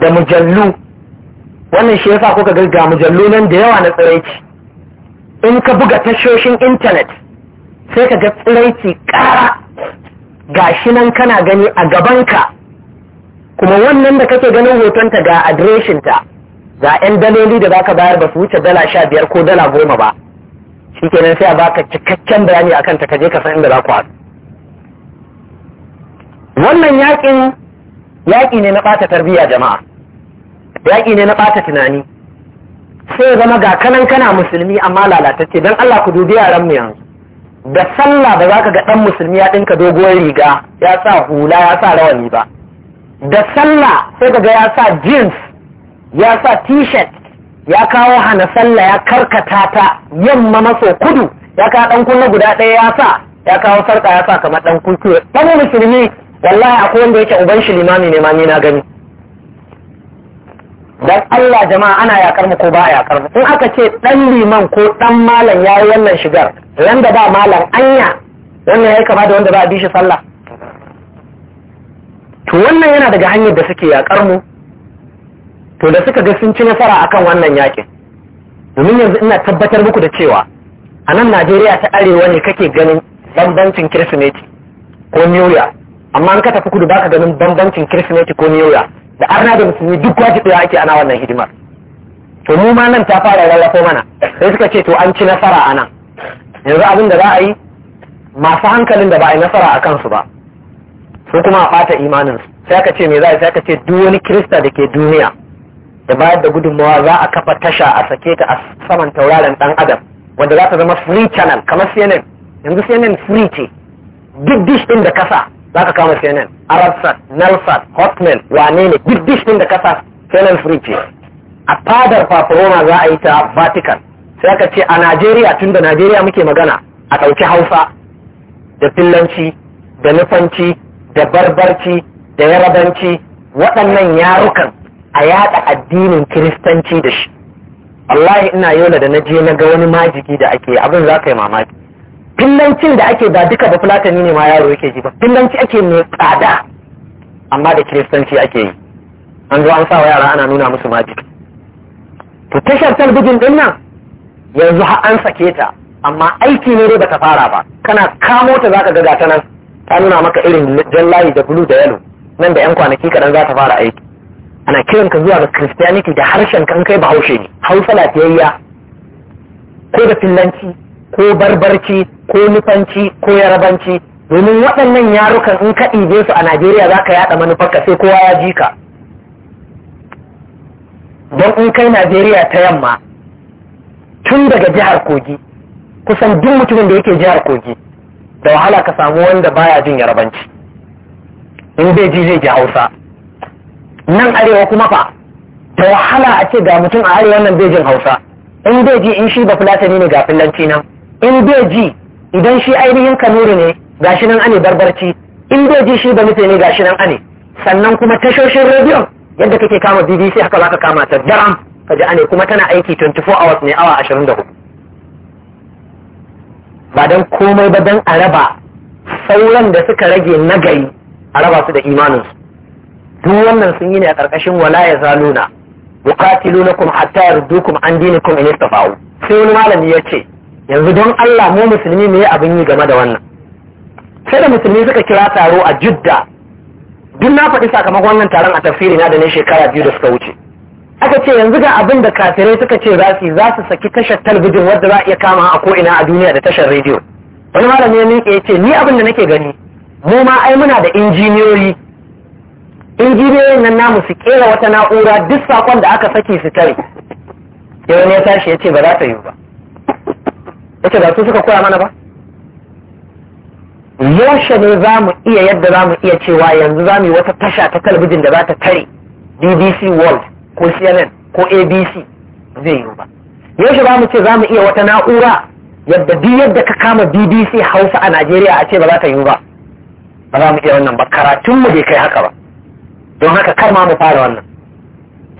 da mujallu wannan shi yasa kuka ga mujallu nan da yawa na tsiraici in ka buga tashoshin intanet sai ka ga tsiraici ƙara gashi nan kana gani a gabanka kuma wannan da kake ganin hotonta ga adireshinta ga 'yan daloli da za ka bayar ba su wuce dala sha biyar ko dala goma ba Shi nan sai a baka cikakken bayani akan ta kaje ka san inda za ku haɗu wannan yaƙin yaƙi ne na ɓata tarbiyya jama'a yaƙi ne na ɓata tunani sai zama ga kanan kana musulmi amma lalatacce don Allah ku dubi yaran mu yanzu da sallah ba za ka ga ɗan musulmi ya ɗinka doguwar riga ya sa hula ya sa rawani ba da sallah sai ka ga ya sa jeans ya sa t ya kawo hana sallah ya karkata ta yamma maso kudu ya kawo ɗan kunna guda ɗaya ya sa ya kawo sarka ya sa kamar ɗan kuntu ɗan musulmi wallahi akwai wanda yake uban shi limami ne ma na gani dan Allah jama'a ana yakar mu ko ba a yakar mu in aka ce ɗan liman ko ɗan malam yayi wannan shigar wanda ba malam anya wannan yayi kama da wanda ba a bi shi sallah to wannan yana daga hanyar da suke yakar mu to da suka ga sun ci nasara akan wannan yakin domin yanzu ina tabbatar muku da cewa a nan najeriya ta arewa ne kake ganin bambancin kirsimeti ko new year amma an ka tafi kudu baka ganin bambancin kirsimeti ko new year da arna da musulmi duk wajen ɗaya ake ana wannan hidimar to mu ma nan ta fara rarrafo mana sai suka ce to an ci nasara a nan yanzu abin da za a yi masu hankalin da ba a yi nasara a kansu ba su kuma a ɓata imaninsu sai aka ce me za a sai aka ce duk wani kirista da ke duniya da bayar da gudunmawa za a kafa tasha a sake ta a saman tauraron dan adam wanda za ta zama free channel kamar CNN yanzu CNN free ce duk dish din da kasa za ka kama CNN Arabsat Nelsat Hotmail wane ne duk dish din da kasa CNN free ce a fadar Fafroma za a yi ta Vatican sai aka ce a Najeriya tun da Najeriya muke magana a ɗauki Hausa da Fillanci da Nufanci da Barbarci da Yarabanci waɗannan yarukan a yada addinin kiristanci da shi wallahi ina yola da naje je na ga wani majigi da ake abin za ka yi mamaki fillancin da ake ba duka ba fulatani ne ma yaro yake ji ba fillanci ake mai tsada amma da kiristanci ake yi an zo an sa wa yara ana nuna musu majigi to tashar talbijin din nan yanzu har an sake ta amma aiki ne dai bata fara ba kana kamo ta zaka ga gata nan ta nuna maka irin jan layi da bulu da yalo nan da yan kwanaki kaɗan za ta fara aiki ana kiran ka zuwa ga christianity da harshen kan kai bahaushe ne hausa lafiyayya ko da fillanci ko barbarci ko nufanci ko yarabanci domin waɗannan yarukan in ka ɗibe su a najeriya za ka yaɗa manufarka sai kowa ya ji ka don in kai najeriya ta yamma tun daga jihar kogi kusan duk mutumin da yake jihar kogi da wahala ka samu wanda baya jin yarabanci in bai ji zai ji hausa nan arewa kuma fa ta wahala a ce ga mutum a arewa nan bejin hausa in bai in shi ba fulatani ne ga filanci nan in bai idan shi ainihin kanuri ne ga shi nan ane barbarci in bai shi ba mutane ne ga shi nan ane sannan kuma tashoshin rediyon yadda kake kama bbc haka za ka kama ta daram ka ji ane kuma tana aiki 24 hours ne awa 24 ba don komai ba don a raba sauran da suka rage nagari a raba su da imaninsu duk wannan sun yi ne a ƙarƙashin wala ya zaluna yuqatilunakum hatta yardukum an dinikum in istafa'u sai wani malami ya ce yanzu don Allah mu musulmi me abin yi game da wannan sai da musulmi suka kira taro a Jidda duk na faɗi sakamakon wannan taron a tafsiri na da ne shekara biyu da suka wuce aka ce yanzu ga abin da kafirai suka ce za su za su saki tashar talabijin wadda za a iya kama a ko'ina a duniya da tashar rediyo wani malami ya miƙe ya ce ni abin da nake gani mu ma ai muna da injiniyoyi injiniyoyin nan namu su kera wata na'ura duk sakon da aka saki su tare yau ne ya tashi ya ce ba za ta yi ba ya ce ba su suka koya mana ba yaushe ne za mu iya yadda za mu iya cewa yanzu za mu yi wata tasha ta talabijin da za ta tare bbc world ko cnn ko abc zai yi ba yaushe za mu ce za mu iya wata na'ura yadda duk yadda ka kama bbc hausa a najeriya a ce ba za ta yi ba ba za mu iya wannan ba karatunmu bai kai haka ba don haka kar ma mu fara wannan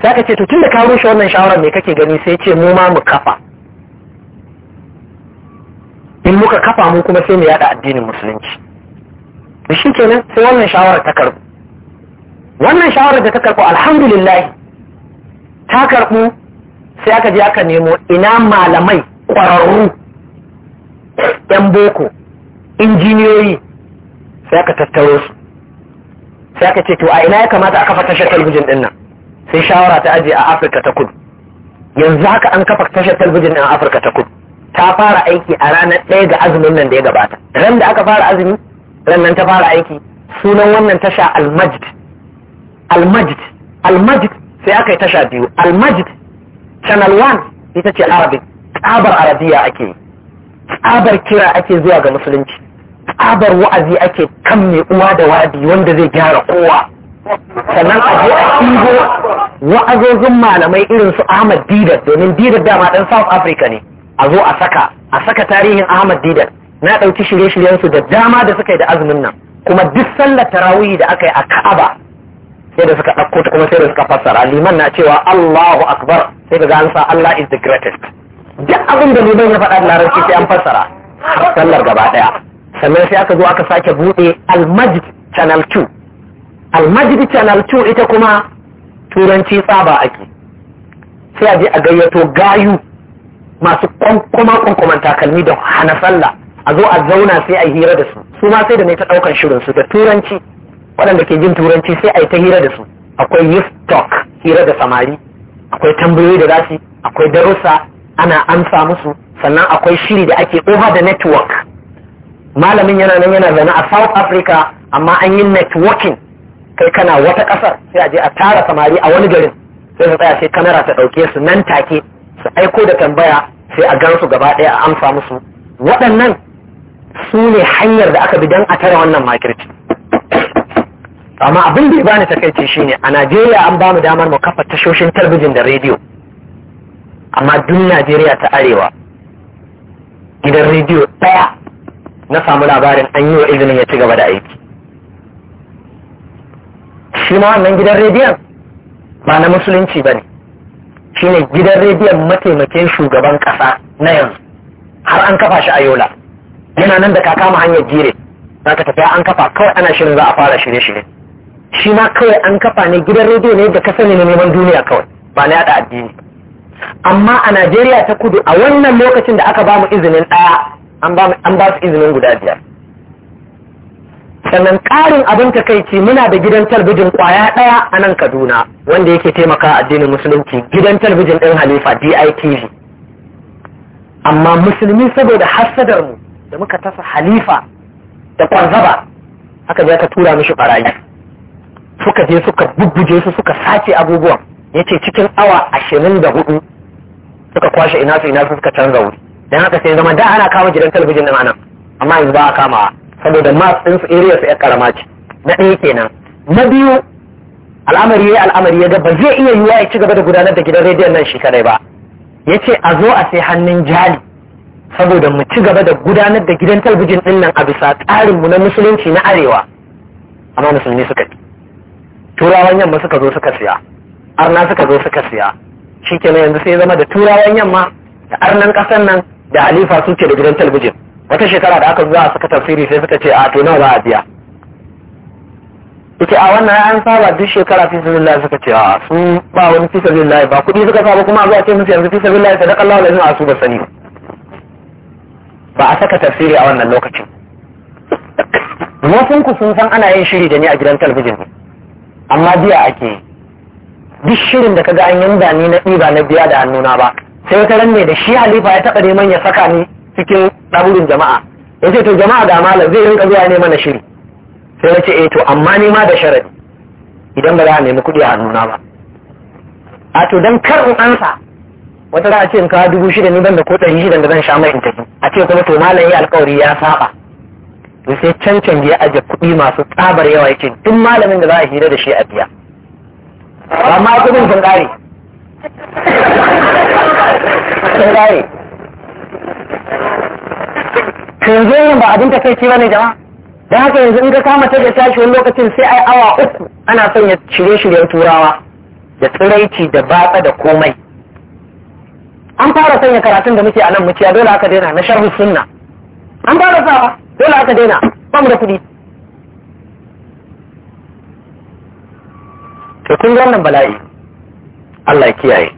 sai ka ce to tunda ka rushe wannan shawara me kake gani sai ce mu ma mu kafa in muka kafa mu kuma sai mu yada addinin musulunci to shi kenan sai wannan shawara ta karbu wannan shawarar da ta karbu alhamdulillah ta karbu sai aka je aka nemo ina malamai kwararru yan boko injiniyoyi sai aka tattaro su sai aka ce to a ina ya kamata a kafa tashar talbijin din nan sai shawara ta aje a afirka ta kudu yanzu haka an kafa tashar talabijin a afirka ta kudu ta fara aiki a ranar ɗaya ga azumin nan da ya gabata ran da aka fara azumi ran nan ta fara aiki sunan wannan tasha almajid almajid almajid sai aka yi tasha biyu almajid channel 1 ita ce arabic tsabar arabiya ake yi tsabar kira ake zuwa ga musulunci tsabar wa'azi ake kan mai uwa da wadi wanda zai gyara kowa sannan a je a ɗigo wa'azozin malamai irin su Ahmad Didat domin Didat dama ɗan South Africa ne a zo a saka a saka tarihin Ahmad Didat na ɗauki shirye-shiryensu da dama da suka yi da azumin nan kuma duk sallar tarawihi da aka yi a Ka'aba sai da suka ɗauko ta kuma sai da suka fassara liman na cewa Allahu Akbar sai da an sa Allah is the greatest duk abin da liman ya faɗa da larabci sai an fassara sallar gaba ɗaya sannan sai aka zo aka sake buɗe almajid channel 2 almajid channel 2 ita kuma turanci tsaba ake sai a je a gayyato gayu masu kwankwama-kwankwaman takalmi da hana sallah a zo a zauna sai a hira da su su ma sai da ne ta ɗaukar shirin su da turanci waɗanda ke jin turanci sai a yi ta hira da su akwai youth talk hira da samari akwai tambayoyi da zasu akwai darussa ana amsa musu sannan akwai shiri da ake over the network malamin yana nan yana zaune a south africa amma an yi networking kai kana wata kasar sai a je a tara samari a wani garin sai su tsaya sai kamera ta ɗauke su nan take su aiko da tambaya sai a su gaba daya a amsa musu waɗannan su ne hanyar da aka bi don a tara wannan makirci amma abin da ya bani takaici shine a najeriya an ba mu damar mu kafa tashoshin talabijin da rediyo amma duk najeriya ta arewa gidan rediyo ɗaya na samu labarin an yi wa izinin ya ci gaba da aiki shi ma wannan gidan rediyon ba na musulunci ba ne shi ne gidan rediyon mataimakin shugaban ƙasa na yanzu har an kafa shi a yola yana nan da kakama hanyar jire za ka tafiya an kafa kawai ana shirin za a fara shirye-shirye shi ma kawai an kafa ne gidan rediyo ne da kasani na neman duniya kawai ba na yada addini amma a najeriya ta kudu a wannan lokacin da aka bamu izinin ɗaya an ba su izinin guda biyar sannan ƙarin abin ta takaici muna da gidan talbijin kwaya ɗaya a nan kaduna wanda yake taimaka addinin musulunci gidan talbijin ɗin halifa ditv amma musulmi saboda hassadar mu da muka tasa halifa da kwanzaba aka zai ka tura mishi barayi suka je suka bubbuje su suka sace abubuwan yace cikin awa ashirin da hudu suka kwashe ina su ina su suka canza wuri dan haka sai zama da ana kama gidan talabijin din anan amma yanzu ba a kama saboda mas din su area su ya karama ce na ɗaya kenan na biyu al'amari ya al'amari ya ga ba zai iya yiwuwa ya ci gaba da gudanar da gidan rediyon nan shi kadai ba ya ce a zo a sai hannun jali saboda mu ci gaba da gudanar da gidan talabijin din nan a bisa mu na musulunci na arewa amma musulmi suka ci turawan yamma suka zo suka siya arna suka zo suka siya shi kenan yanzu sai zama da turawan yamma da arnan ƙasar nan da alifa suke da gidan talabijin wata shekara da aka zuwa a saka tafsiri sai suka ce a to nawa za a biya ita a wannan an saba duk shekara fi sabilillah suka ce a su ba wani fi sabilillah ba kuɗi suka saba kuma zuwa ce musu yanzu fi sabilillah sadaka Allah lazim a su ba sani ba a saka tafsiri a wannan lokacin wasun ku sun san ana yin shiri da ni a gidan talabijin amma biya ake duk shirin da kaga an yanda ni na ɗiba na biya da hannuna ba sai wata ran ne da shi halifa ya taɓa neman ya saka ni cikin ɗaburin jama'a ya ce to jama'a da malam zai rinka zuwa neman na shiri sai na ce eh to amma ni ma da sharadi idan ba za a nemi kuɗi a hannuna ba a to dan kar in ansa wata ra'a ce in kawo dubu shida ni ban da ko ɗari shida da zan sha mai in tafi a ce kuma to malam ya alkawari ya saba to sai cancan ya aje kuɗi masu tsabar yawa yake duk malamin da za a hira da shi a biya amma kuɗin sun ƙare yanzu yin ba abin takaici ba ne jama'a da haka yanzu in ka kama ta da tashi wani lokacin sai ai awa uku ana son ya shirye-shiryen turawa da tsiraici da batsa da komai an fara sanya karatun da muke a nan muciya dole aka daina na sharhu sunna an fara sawa dole aka daina ba mu da kuɗi to kun wannan bala'i Allah ya kiyaye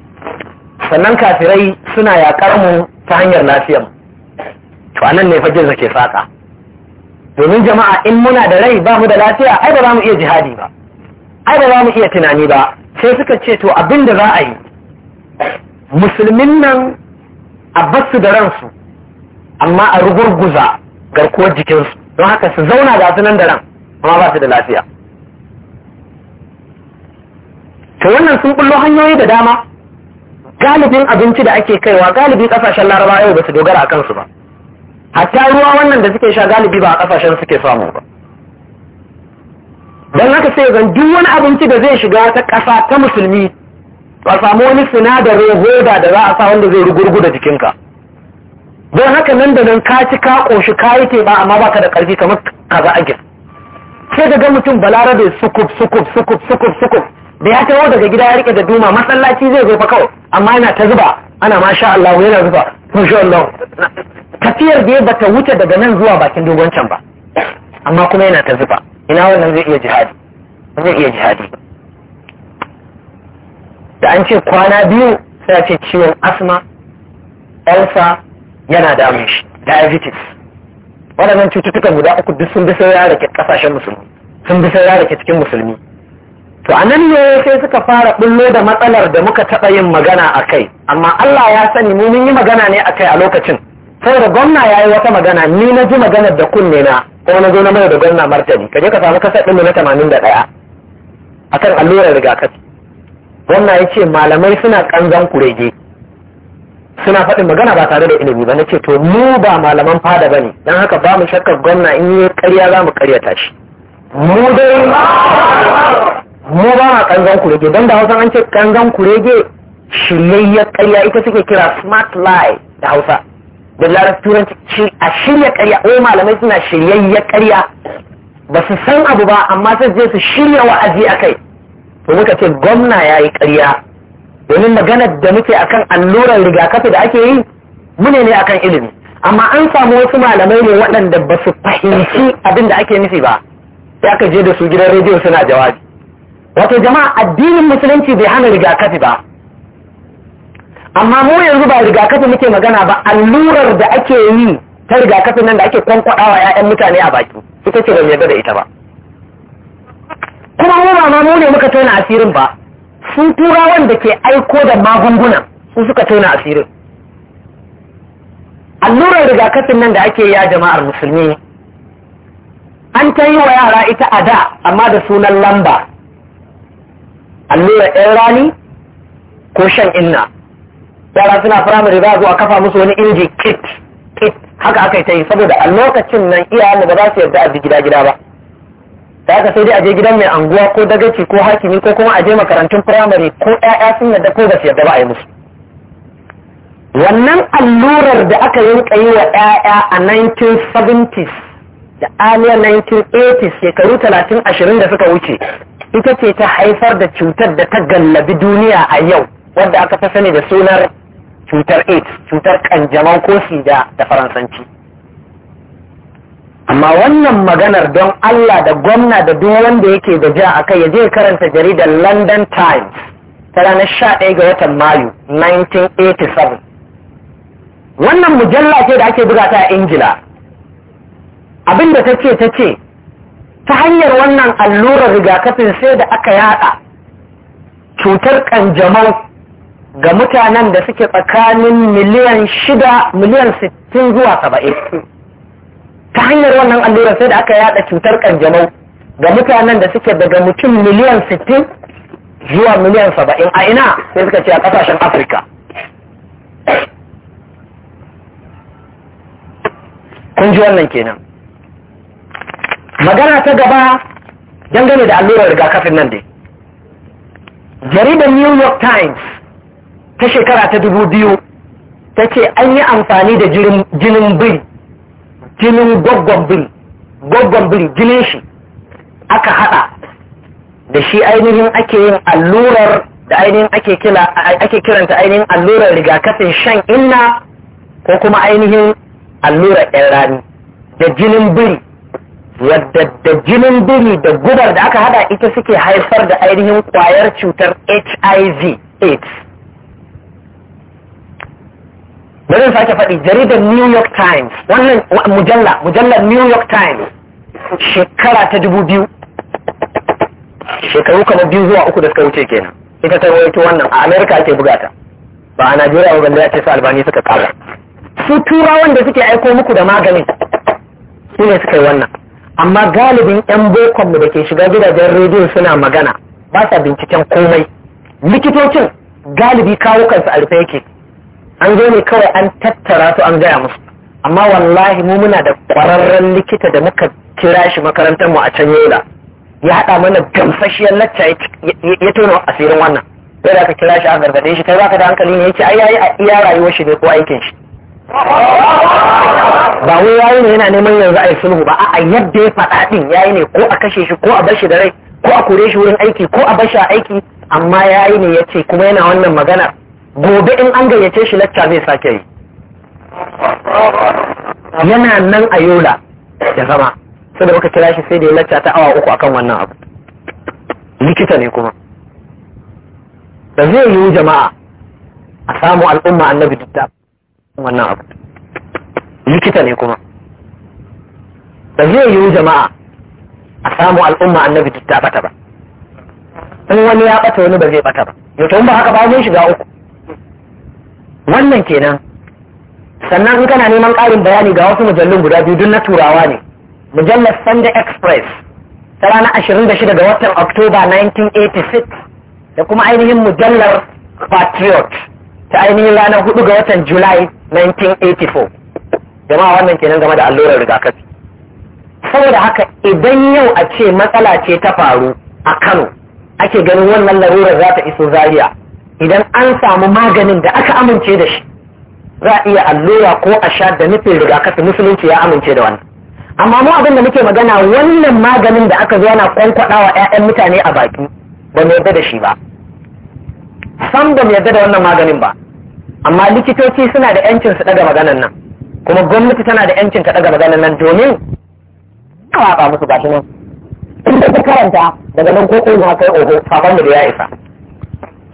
sannan kafirai suna yaƙar mu ta hanyar lafiyar to anan ne fajin ke saka domin jama'a in muna da rai ba mu da lafiya ai ba za mu iya jihadi ba ai ba za mu iya tunani ba sai suka ce to abin da za a yi musulmin nan a basu da ransu amma a rugurguza garkuwar jikinsu don haka su zauna ga nan da ran amma ba su da lafiya to wannan sun kullo hanyoyi da dama galibin abinci da ake kaiwa galibi kasashen laraba yau ba su dogara a kansu ba hatta ruwa wannan da suke sha galibi ba a kasashen suke samu ba don haka sai zan duk wani abinci da zai shiga ta ƙasa ta musulmi ba samu wani sinadarin hoda da za a sa wanda zai rugurgu da jikinka don haka nan da nan ka ci ka ƙoshi ka yi ba amma baka da ƙarfi kamar kaza a sai da ga mutum balarabe sukub sukub sukub sukub sukub da ya taho daga gida ya rike da duma masallaci zai zo fa kawai amma yana ta zuba ana masha Allah yana zuba masha Allah tafiyar da ta wuce daga nan zuwa bakin dogon can ba amma kuma yana ta zuba ina wannan zai iya jihadi zai iya jihadi da an ce kwana biyu sai ce ciwon asma elsa yana damun shi diabetes waɗannan cututtukan guda uku duk sun bi sauya ya rike kasashen musulmi sun bi sauya ya rike cikin musulmi to a nan ne sai suka fara bullo da matsalar da muka taɓa yin magana a kai amma Allah ya sani mu mun yi magana ne a kai a lokacin saboda gwamna ya yi wata magana ni na ji maganar da kunne na ko na zo na mai da gwamna martani ka je ka samu kasar ɗin na tamanin da ɗaya a kan allurar rigakafi gwamna ya ce malamai suna ƙanzan kurege suna faɗin magana ba tare da ilimi ba na ce to mu ba malaman fada ba ne don haka ba mu shakkar gwamna in yi karya za mu karyata shi mu dai mu ba ma kanzan kurege don da hausa an ce kanzan kurege shiryayyar karya ita suke kira smart lie da hausa da larar turanci a shirya karya wai malamai suna shiryayyar karya ba su san abu ba amma sai je su shirya wa'azi a kai to muka ce gwamna ya yi karya domin maganar da muke akan allurar rigakafi da ake yi mune ne akan ilimi amma an samu wasu malamai ne waɗanda ba su fahimci abin da ake nufi ba sai aka je da su gidan rediyo suna jawabi wato jama'a addinin musulunci bai hana rigakafi ba amma mu yanzu ba rigakafi muke magana ba allurar da ake yi ta rigakafin nan da ake kwankwadawa ya'yan mutane a baki ita ce bai yarda da ita ba kuma mu ba ma mu ne muka tona asirin ba sun tura wanda ke aiko da magunguna su suka tona asirin allurar rigakafin nan da ake ya jama'ar musulmi an ta yi wa yara ita a da amma da sunan lamba allura ɗan rani ko shan inna yara suna firamare za a zo a kafa musu wani inji kit kit haka aka yi ta yi saboda a lokacin nan iyayen ba za su yarda a bi gida gida ba da aka sai dai a je gidan mai anguwa ko dagaci ko hakimi ko kuma a je makarantun firamare ko ƴaƴa sun yarda ko ba su yarda ba a yi musu wannan allurar da aka yanka yi wa ƴaƴa a 1970s da aliyar 1980s shekaru talatin ashirin da suka wuce ita ce ta haifar da cutar da ta gallabi duniya a yau wadda aka fi sani da sunar cutar aids cutar kanjamau ko sida da faransanci amma wannan maganar don allah da gwamna da duk wanda yake da ja a kai ya je karanta jaridar london times ta ranar ɗaya ga watan mayu 1987 wannan mujalla ce da ake buga ta a ingila abinda ta ce ta ce ta hanyar wannan allurar rigakafin sai da aka yada cutar kanjamau ga mutanen da suke tsakanin miliyan shida miliyan sittin zuwa saba'in ta hanyar wannan allurar sai da aka yada cutar kanjamau ga mutanen da suke daga mutum miliyan sittin zuwa miliyan saba'in a ina sai suka ce a kasashen afirka kun ji wannan kenan magana ta gaba dangane da allurar rigakafin nan dai jaridar new york times ta shekara ta dubu biyu ta ce an yi amfani da jinin biri jinin gwaggon biri biri jinin shi aka hada da shi ainihin ake yin allurar da ainihin ake kiranta ainihin allurar rigakafin shan inna ko kuma ainihin allurar yan rani da jinin biri wadda da jinin biri da gubar da aka hada ita suke haifar da ainihin kwayar cutar hiv aids bari sake faɗi jaridar new york times wannan mujalla mujallar new york times shekara ta dubu biyu shekaru kamar biyu zuwa uku da suka wuce kenan ita ta rawaito wannan a amerika ake bugata ba a najeriya ba banda ya ce su albani suka kara su turawan da suke aiko muku da maganin su ne suka yi wannan amma galibin yan bokonmu da ke shiga gidajen rediyo suna magana ba sa binciken komai likitocin galibi kawo kansu a rufe yake an zo ne kawai an tattara su an gaya musu amma wallahi mu muna da ƙwararren likita da muka kira shi makarantar a can yola ya haɗa mana gamsashiyar lacca ya tono asirin wannan sai da aka kira shi a gargade shi kai baka da hankali ne yace ai yayi a iya rayuwar shi ne ko aikin shi wai yayi ne yana neman yanzu a yi sulhu ba a yadda ya faɗa ya yayi ne ko a kashe shi ko a bar shi da rai ko a kore shi wurin aiki ko a bar shi a aiki amma yayi ne ya ce kuma yana wannan magana gobe in an gayyace shi lacca zai sake yi yana nan a yola ya zama da muka kira shi sai da ya lacca ta awa uku akan wannan abu likita ne kuma da zai yiwu jama'a a samu al'umma annabi duk da wannan abu likita ne kuma ba zai yiwu jama'a a samu al'umma annabi ta bata ba in wani ya bata wani ba zai bata ba yau ba haka ba zai shiga uku wannan kenan sannan in kana neman ƙarin bayani ga wasu mujallun guda biyu duk na turawa ne mujallar sunday express ta rana 26 ga watan oktoba 1986 da kuma ainihin mujallar patriot ta ainihin ranar 4 ga watan july 1984 jama'a wannan kenan game da allurar rigakafi saboda haka idan yau a ce matsala ce ta faru a Kano ake ganin wannan larurar za ta iso Zariya idan an samu maganin da aka amince da shi za a iya allura ko a sha da nufin rigakafi musulunci ya amince da wannan amma mu abin da muke magana wannan maganin da aka zo yana kwankwadawa ƴaƴan mutane a baki ba mu yarda da shi ba sam ba mu yarda da wannan maganin ba amma likitoci suna da yancin su daga maganan nan kuma gwamnati tana da yancin ka ga maganar nan domin kawa ba musu gashi nan inda ta karanta daga nan ko ko kai oho sakon da ya isa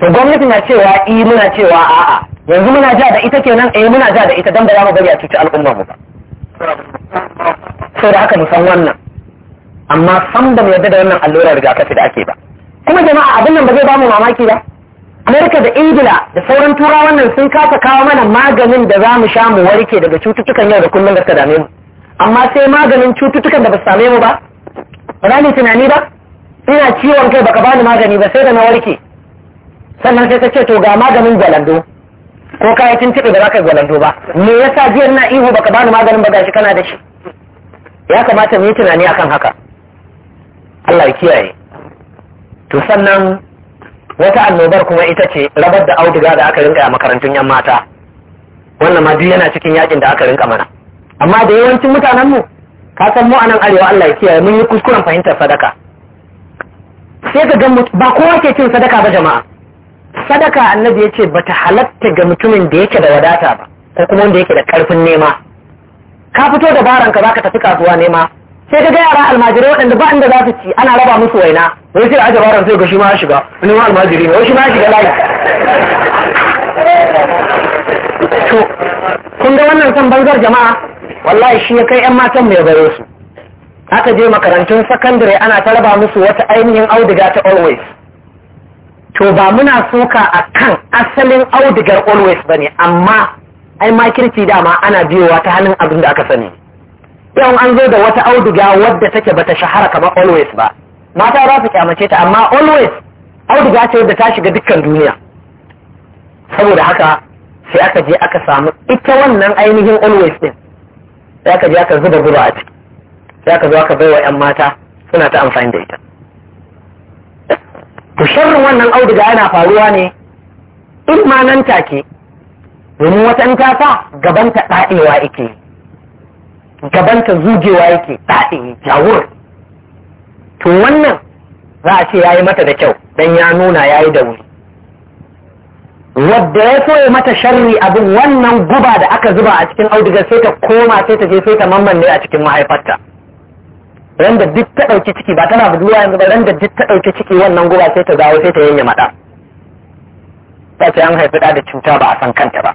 to gwamnati na cewa i e, muna cewa a'a yanzu muna ja da ita kenan eh muna ja da ita dan ba za mu bari a cuci al'umma mu ba so da haka mu san wannan amma san da mu yadda da wannan allurar rigakafi da ake ba kuma jama'a abin nan ba zai ba mu mamaki ba Amerika da ingila da sauran turawan nan sun kasa kawo mana maganin da za mu sha mu warke daga cututtukan yau da kullum da dame mu amma sai maganin cututtukan da ba same mu ba ba za ni tunani ba ina ciwon kai baka bani magani ba sai da na warke sannan sai ka ce to ga maganin gwalando ko kayan tuntuɓe da baka gwalando ba me yasa jiya na ihu baka bani maganin ba gashi kana da shi ya kamata mu yi tunani akan haka Allah ya kiyaye to sannan wata annobar kuma ita ce rabar da auduga da aka rinka a makarantun yan mata wannan ma duk yana cikin yakin da aka rinka mana amma da yawancin mutanen mu ka san mu anan arewa Allah ya kiyaye mun yi kuskuren fahimtar sadaka sai ka ga ba kowa ke cin sadaka ba jama'a sadaka annabi ya ce bata halatta ga mutumin da yake da wadata ba ko kuma wanda yake da karfin nema ka fito da baranka zaka tafi kasuwa nema sai ka ga yara almajirai waɗanda ba inda za su ci ana raba musu waina wai sai a baran sai ka shi ma shiga ne ma almajiri ne wai shi ma shiga layi to kun ga wannan san banzar jama'a wallahi shi ya kai yan matan mai bare su aka je makarantun sakandare ana ta raba musu wata ainihin auduga ta always to ba muna soka a kan asalin audugar always ba ne amma ai ma kirki dama ana biyowa ta hannun abin da aka sani yan an zo da wata auduga wadda take bata shahara kamar always ba mata za su kyamace ta amma always auduga ce da ta shiga dukkan duniya saboda haka sai aka je aka samu ita wannan ainihin always din sai aka je aka zuba zuba a ciki sai aka zo aka bai wa 'yan mata suna ta amfani da ita to sharrin wannan auduga yana faruwa ne in ma nan take domin wata in ta sa gabanta ɗaɗewa ike gabanta zugewa yake daɗin jawur to wannan za a ce ya yi mata da kyau don ya nuna ya yi da wuri wadda ya so ya mata sharri abin wannan guba da aka zuba a cikin audigar sai ta koma sai ta je sai ta mamman ne a cikin mahaifarta ran da duk ta ɗauki ciki ba tana budurwa yanzu ba ran da duk ta ɗauki ciki wannan guba sai ta dawo sai ta yanya maɗa ta ce an haifi da cuta ba a san kanta ba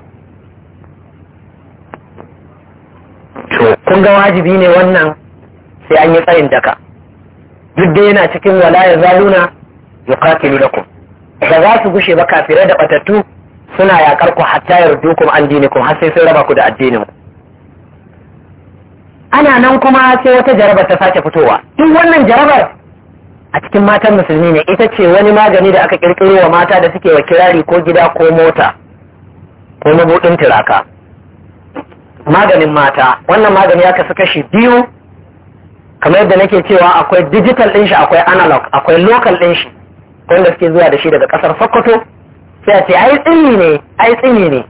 to kun ga wajibi ne wannan sai an yi tsayin daka duk da yana cikin zaluna ya zaluna yuqatilu ku. ba za su gushe ba kafirai da batattu suna yakar ku hatta yardukum an ku har sai sun raba ku da addinin ku ana nan kuma sai wata jarabar ta sake fitowa duk wannan jarabar a cikin matan musulmi ne ita ce wani magani da aka kirkiro wa mata da suke wa kirari ko gida ko mota ko mabudin tiraka. maganin mata wannan magani ya kasu kashi biyu kamar yadda nake cewa akwai digital ɗin shi akwai analog akwai local ɗin shi wanda suke zuwa da shi daga ƙasar sokoto sai a ce ai tsini ne ai tsini ne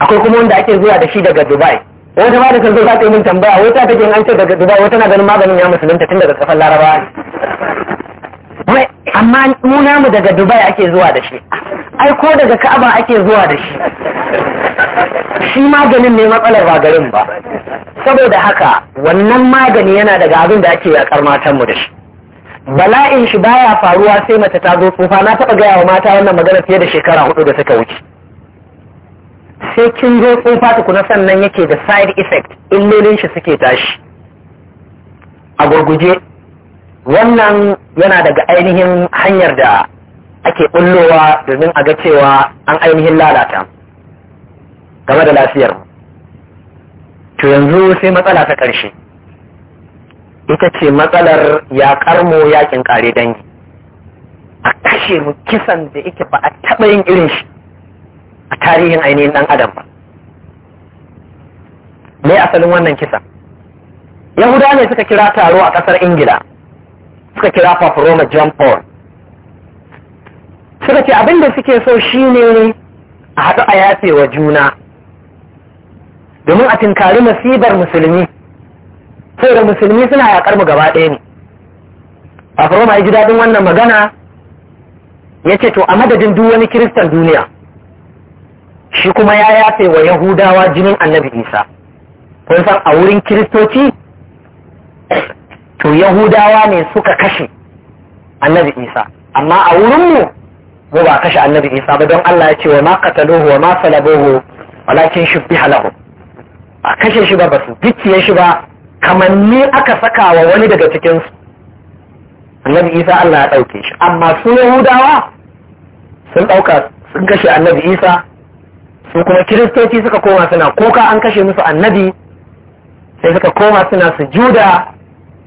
akwai kuma wanda ake zuwa da shi daga dubai wata ma da kan zo za ta yi min tambaya wata take an ce daga dubai wata na ganin maganin ya musulunta tun daga kafan larabawa amma mu namu daga dubai ake zuwa da shi ai ko daga ka'aba ake zuwa da shi shi maganin ne matsalar ba garin ba saboda haka wannan magani yana daga abin da ake yakar mu da shi bala'in shi baya faruwa sai mace ta zo tsufa na taɓa gaya wa mata wannan magana fiye da shekara hudu da suka wuce sai kin zo tsufa tukuna sannan yake da side effect illolin shi suke tashi a gurguje wannan yana daga ainihin hanyar da ake bullowa domin a ga cewa an ainihin lalata game da lafiyar to yanzu sai matsala ta ƙarshe ita ce matsalar ya karmo yakin kare dangi a kashe mu kisan da yake ba a taɓa yin irin shi a tarihin ainihin ɗan adam ba me asalin wannan kisa yahuda ne suka kira taro a ƙasar ingila suka kira paparoma john paul suka ce abinda suke so shi ne a haɗu a yafe juna domin a tinkari masibar musulmi sai da musulmi suna yaƙar mu gaba ɗaya ne Fafaroma ya ji daɗin wannan magana ya ce to a madadin duk wani kiristan duniya shi kuma ya yafewa yahudawa jinin annabi isa kun san a wurin kiristoci to yahudawa ne suka kashe annabi isa amma a wurinmu ko ba kashe annabi isa ba don Allah ya ce wa ma qataluhu wa ma salabuhu walakin shubbiha lahu a kashe shi ba ba su gicciye shi ba kamanni aka saka wa wani daga cikin su annabi isa Allah ya dauke shi amma su yahudawa sun dauka sun kashe annabi isa su kuma kiristoci suka koma suna kuka an kashe musu annabi sai suka koma suna sujuda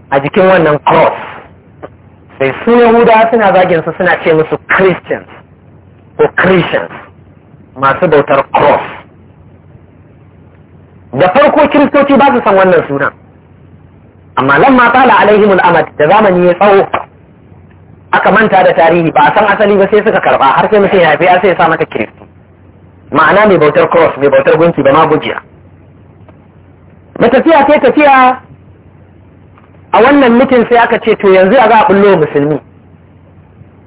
a jikin wannan cross sai su yahuda suna zagin su suna ce musu christians ko christians masu bautar cross da farko kiristoci ba su san wannan sunan amma ma tsala alaihim al'amad da zamani ya tsawo aka manta da tarihi ba a san asali ba sai suka karba har sai mutum ya haife sai ya sa maka kiristo ma'ana mai bautar cross mai bautar gunki ba ma gujiya Ba tafiya sai tafiya a wannan mutum sai aka ce to yanzu a za a bullo musulmi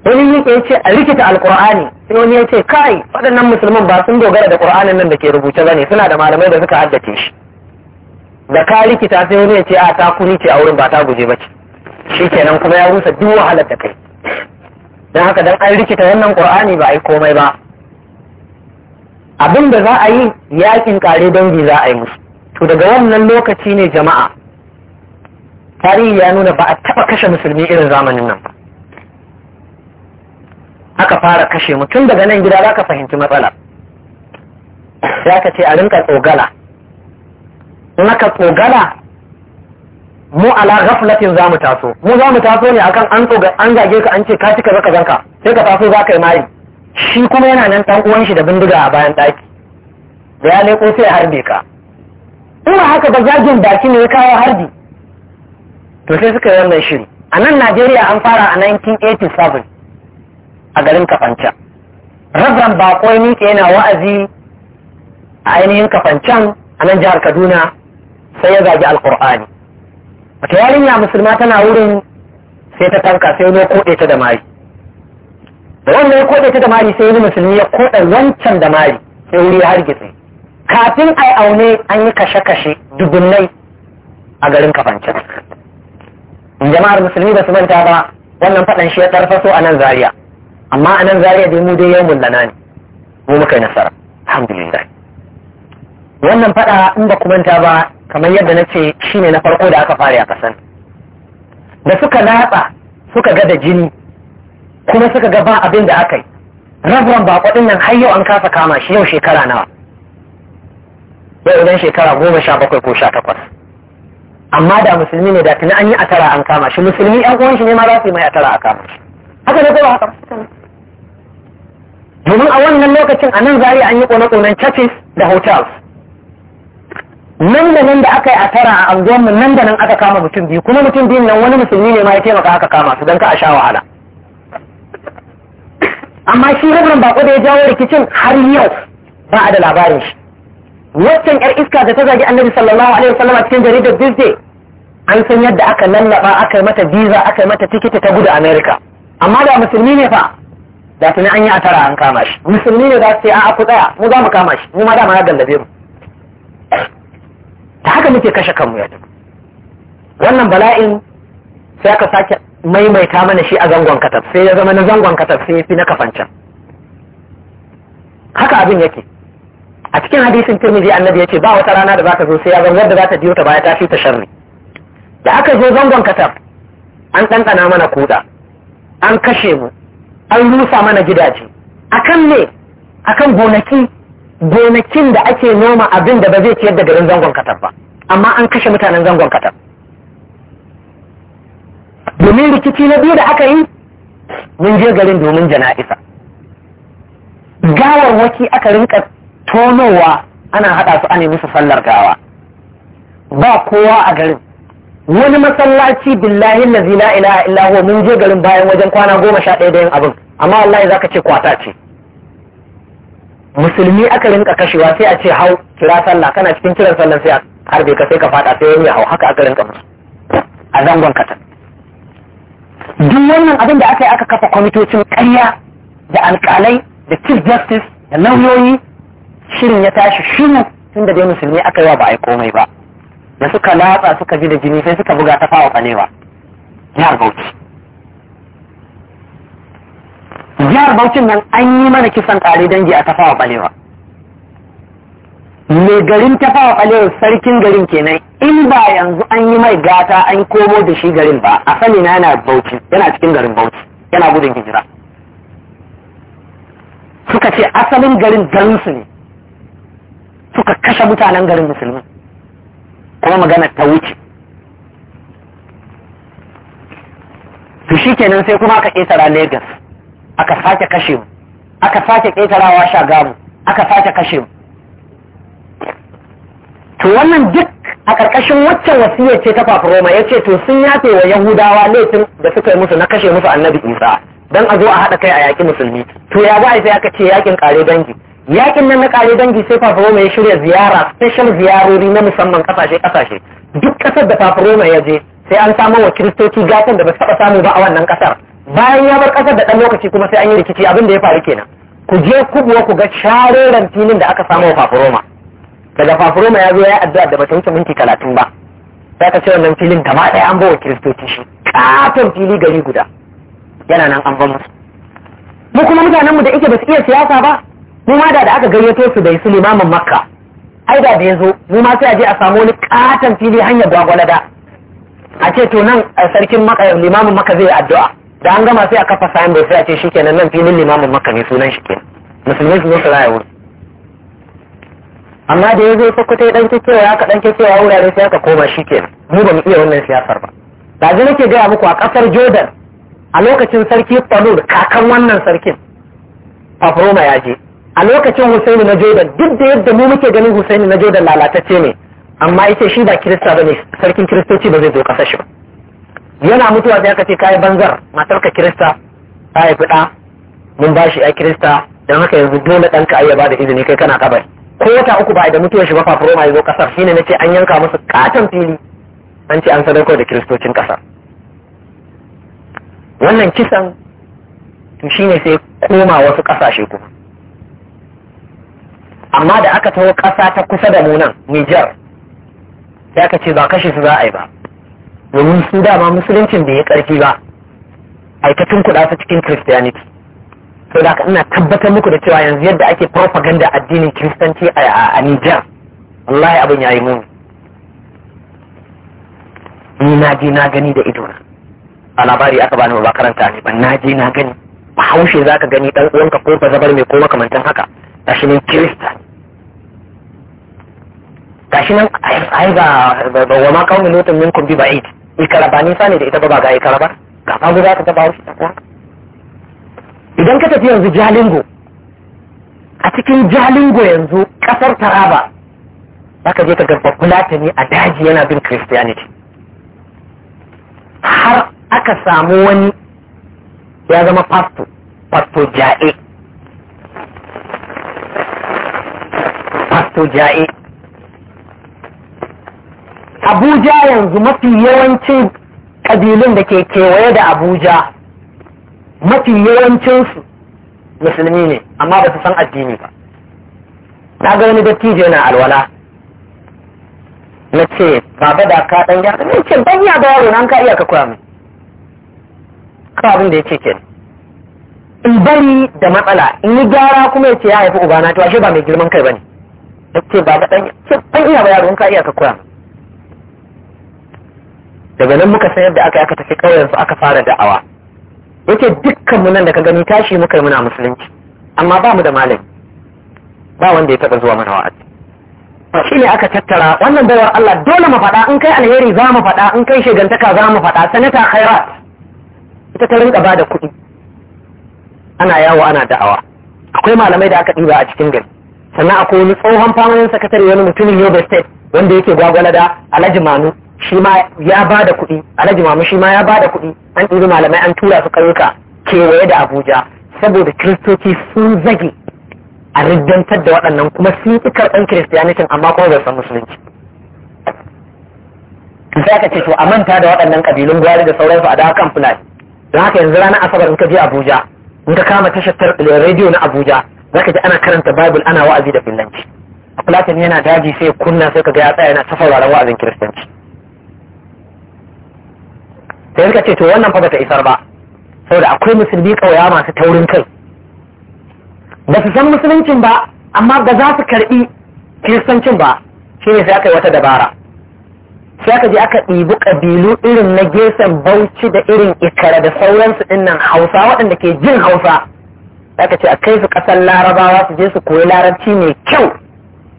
wani yake ya ce a rikita alkur'ani sai wani ya ce kai waɗannan musulman ba sun dogara da ƙur'anin nan da ke rubuce ne suna da malamai da suka haddace shi da ka rikita sai wani ya ce a ta kuni ce a wurin ba ta guje ba ce Shi kenan kuma ya rusa duk wahalar da kai don haka dan an rikita wannan ƙur'ani ba a yi komai ba abin da za a yi yakin kare dangi za a yi musu to daga wannan lokaci ne jama'a tarihi ya nuna ba a taɓa kashe musulmi irin zamanin nan aka fara kashe mutum daga nan gida za ka fahimci matsala ya ka ce a rinka tsogala in aka tsogala mu ala gaflatin za mu taso mu za mu taso ne akan an tsoga an zage ka an ce ka cika zaka zanka sai ka taso za ka yi mari shi kuma yana nan ɗan uwan shi da bindiga a bayan ɗaki da ya leko sai harbe ka Ina haka ba zagin baki ne ya kawo harbi to sai suka yi wannan shiri a nan najeriya an fara a 1987 a garin kafancan rabban bakwai ni yana wa'azi a ainihin kafancan a nan jihar kaduna sai ya zagi alkur'ani wata ya musulma tana wurin sai ta tanka sai wani koɗe ta da mari da wannan ya ta da mari sai wani musulmi ya koɗe wancan da mari sai wuri ya hargitsi kafin ai aune an yi kashe-kashe dubunnai a garin kafancan jama'ar musulmi ba su manta ba wannan faɗan shi ya tarfaso a nan Zariya, amma a nan Zariya dai mu dai yau mullana ne mu muka yi nasara alhamdulillah wannan faɗa in ba ku manta ba kamar yadda na ce shi ne na farko da aka fara a kasan da suka latsa suka ga da jini kuma suka ga ba abin da aka yi rabuwan bako din nan har yau an kasa kama shi yau shekara nawa yau idan shekara goma sha bakwai ko sha takwas amma da musulmi ne da tuni an yi tara an kama shi musulmi yan uwan shi ne ma za su yi mai tara a kama shi haka ne ko ba haka domin a wannan lokacin a nan zariya an yi kone-konen churches da hotels nan da nan da aka yi tara a anguwanmu nan da nan aka kama mutum biyu kuma mutum biyun nan wani musulmi ne ma ya taimaka aka kama su don ka a sha wahala amma shi rabin bako da ya jawo rikicin har yau ba a da labarin shi waccan yar iska da ta zagi annabi sallallahu alaihi wasallam sallama cikin jaridar dizde an san yadda aka lallaba aka yi mata visa aka yi mata tikiti ta gudu America amma da musulmi ne fa da tuni an yi a tara an kama shi musulmi ne za su ce a'a ku tsaya mu za mu kama shi mu ma dama ya gallabe mu ta haka muke kashe kanmu yadda wannan bala'in sai aka sake maimaita mana shi a zangon katab sai ya zama na zangon katab sai ya fi na kafancan haka abin yake a cikin hadisin tirmidhi annabi yace ba wata rana da za ta zo sai ya zama yadda za ta biyo ta baya ta fi ta sharri da aka zo zangon katar an ɗanɗana mana kuɗa an kashe mu an rusa mana gidaje akan me akan gonaki gonakin da ake noma abin da ba zai ciyar da garin zangon katar ba amma an kashe mutanen zangon katar domin rikici na biyu da aka yi mun je garin domin jana'isa gawarwaki aka rinka tonowa ana haɗa su ana musu sallar gawa ba kowa a garin wani masallaci billahi lazi la ilaha illa huwa mun je garin bayan wajen kwana goma sha ɗaya da yin abin amma wallahi zaka ce kwata ce musulmi aka rinka kashewa sai a ce hau kira sallah kana cikin kiran sallan sai a harbe ka sai ka fada sai wani hau haka aka rinka musu a zangon katan duk wannan abin da aka yi aka kafa kwamitocin karya da alƙalai da chief justice da lauyoyi shirin ya tashi shiru tun da dai musulmi aka yi wa ba a yi komai ba da suka latsa suka ji da jini sai suka buga ta fawa falewa jihar bauchi jihar bauchin nan an yi mana kisan kare dangi a tafawa falewa mai garin tafawa falewa sarkin garin kenan in ba yanzu an yi mai gata an komo da shi garin ba a sani na yana bauchi yana cikin garin bauchi yana gudun hijira suka ce asalin garin garinsu ne suka kashe mutanen garin musulmi kuma magana ta wuce to shi kenan sai kuma aka ƙetara Legas aka sake kashe mu aka sake ƙetara ƙetarawa gamu aka sake kashe mu to wannan duk a ƙarƙashin waccan wasiya ce ta roma ya ce to sun yafe wa yahudawa laifin da suka yi musu na kashe musu annabi isa don a zo a haɗa kai a yaƙi musulmi to ya ba a sai aka ce yaƙin ƙare dangi yakin nan na kare dangi sai roma ya shirya ziyara special ziyarori na musamman kasashe kasashe duk kasar da roma ya je sai an samu wa kiristoci gatan da ba taba samu ba a wannan kasar bayan ya bar kasar da dan lokaci kuma sai an yi rikici abin da ya faru kenan ku je buwa ku ga shareran filin da aka samu wa roma daga roma ya zo ya addu'a da bata wuce minti talatin ba sai ka ce wannan filin gaba ɗaya an bawa kiristoci shi katon fili gari guda yana nan an ba musu mu kuma mutanenmu da ike ba su iya siyasa ba mu ma da da aka gayyato su da su limamin makka ai da da ya zo mu ma sai a je a samu wani katon fili hanyar gwagwalada a ce to nan sarkin limamin makka zai addu'a da an gama sai a kafa sayan bai sai a ce shikenan nan filin limamin makka ne sunan shi kenan musulmai su zo su raya wuri amma da ya zo sokoto dan kyakkyawa ya ka dan kyakkyawa wurare sai aka koma shi kenan mu ba mu iya wannan siyasar ba da zai nake gaya muku a kasar jordan a lokacin sarki falur kakan wannan sarkin afroma ya je a lokacin hussaini na Jordan duk da yadda mu muke ganin Husaini na Jordan lalatacce ne amma yace shi ba Kirista bane sarkin Kiristoci ba zai zo kasar shi yana mutuwa sai aka ce kai banzar matar ka Kirista kai haifi mun mun bashi ya Kirista dan haka yanzu dole danka ba da izini kai kana kabari ko wata uku ba da mutuwar shi ba fafuro ma zo kasar shine nace an yanka musu katon fili an ce an sadauko da kiristocin kasar wannan kisan to shine sai koma wasu kasashe kuma amma da aka taho ƙasa ta kusa da munan Nijar sai aka ce ba kashe su za a yi ba domin su dama musuluncin bai ya ƙarfi ba aikacin kuɗa ta cikin Christianity sau da ina tabbatar muku da cewa yanzu yadda ake propaganda addinin kiristanci a Nijar ya abin ya yi muni ni na je na gani da idona a labari aka bani ba karanta ne ban na je na gani haushe za ka gani dan uwanka ko ba zabar mai ko makamantan haka gashi ne kirista gashi nan ai ba ba wa ma kawo min kun bi ba'id ikara ba nisa ne da ita ba ba ga ikara ba ga fagu za ka taba wasu ta idan ka tafi yanzu jalingo a cikin jalingo yanzu kasar taraba za ka je ka ga babulata ne a daji yana bin christianity har aka samu wani ya zama pasto pasto ja'e pasto ja'e abuja yanzu mafi yawancin ƙabilun da ke kewaye da abuja mafi yawancinsu musulmi ne amma ba su san addini ba na ga wani dattijo na alwala na ce baba da ka ɗan gyara ne ce ban ya yaro nan ka iya ka kura min ka abin da ya ce kenan in bari da matsala in yi gyara kuma ya ce ya haifi ubana to ashe ba mai girman kai ba ne. ya ce baba ɗan ya ce ban iya ba yaro nan ka iya ka kura. min daga nan muka sayar da aka aka tafi ƙauyen su aka fara da'awa yake dukkan munan da ka gani tashi muka yi muna musulunci amma ba mu da malami ba wanda ya taɓa zuwa mana wa'azi shi ne aka tattara wannan baiwar Allah dole mu faɗa in kai alheri za mu faɗa in kai Shegantaka za mu faɗa sanata khairat ita ta rinka bada kuɗi ana yawo ana da'awa akwai malamai da aka ɗiba a cikin gari sannan akwai wani tsohon famanin sakatare wani mutumin Yobe State wanda yake gwagwalada, da Alhaji Manu shi ma ya ba da kuɗi alhaji mamu shi ma ya ba da kuɗi an ɗiri malamai an tura su ƙauyuka kewaye da abuja saboda kiristoci sun zage a riddantar da waɗannan kuma sun ƙi karɓar kiristiyanitin amma kuma bai san musulunci sai ka ce to a manta da waɗannan ƙabilun gwari da sauransu a da kan fulani don haka yanzu ranar asabar in ka je abuja in ka kama tashar rediyo na abuja za ka ji ana karanta bible ana wa'azi da filanci a fulatin yana daji sai kunna sai ka ga ya tsaya yana safararen wa'azin kiristanci sai suka ce to wannan fa bata isar ba saboda akwai musulmi kauya masu taurin kai ba su san musuluncin ba amma ba za su karbi kiristancin ba shine sai aka yi wata dabara sai aka je aka ɗibi ƙabilu irin na gefen bauchi da irin ikara da sauransu ɗinnan hausa waɗanda ke jin hausa aka ce a kai su ƙasar larabawa su je su koyi larabci mai kyau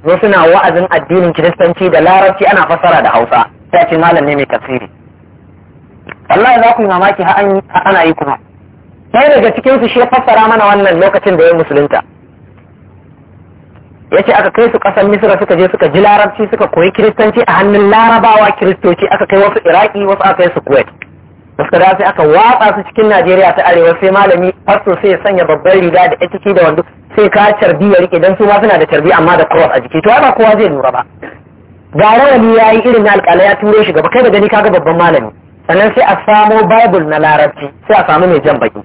zo suna wa'azin addinin kiristanci da larabci ana fassara da hausa ta ce malam ne mai tasiri wallahi za ku yi mamaki ha ana yi kuma sai daga cikin su shi fassara mana wannan lokacin da ya musulunta Ya ce aka kai su kasar misira suka je suka ji larabci suka koyi kiristanci a hannun larabawa kiristoci aka kai wasu iraki wasu aka kai su kuwait wasu da sai aka watsa su cikin najeriya ta arewa sai malami fasto sai ya sanya babbar riga da ita da wando sai ka carbi ya rike dan su ma suna da carbi amma da cross a jiki to ba kowa zai lura ba ga rawani yayi irin na alƙala ya turo shi gaba kai da gani kaga babban malami sannan sai a samo bible na larabci sai a samu mai jan baki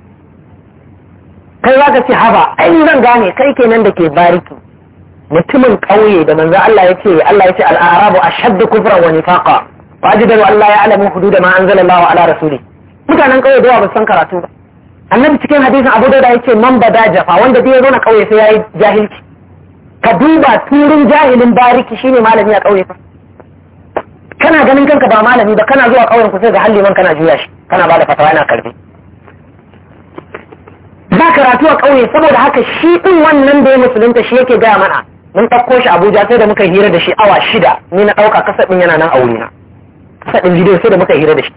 kai za ka ce haba ai zan gane kai kenan da ke bariki mutumin ƙauye da manzo Allah ya ce Allah ya ce al-arabu ashaddu kufran wa nifaqa fajidaru Allah ya alamu hudud ma anzalallahu ala rasuli mutanen ƙauye da yawa ba san karatu ba annabi cikin hadisin Abu Dawud yace man bada jafa wanda bai zo na ƙauye sai yayi jahilci ka duba turin jahilin bariki shine malami a ƙauye fa kana ganin kanka ba malami ba kana zuwa kauyen kusa sai ga halli man kana juya shi kana bada fatawa yana karbi ba karatu a kauye saboda haka shi din wannan da ya musulunta shi yake gaya mana mun ɗauko shi Abuja sai da muka hira da shi awa shida ni na ɗauka kasa ɗin yana nan a wurina kasa ɗin bidiyo sai da muka hira da shi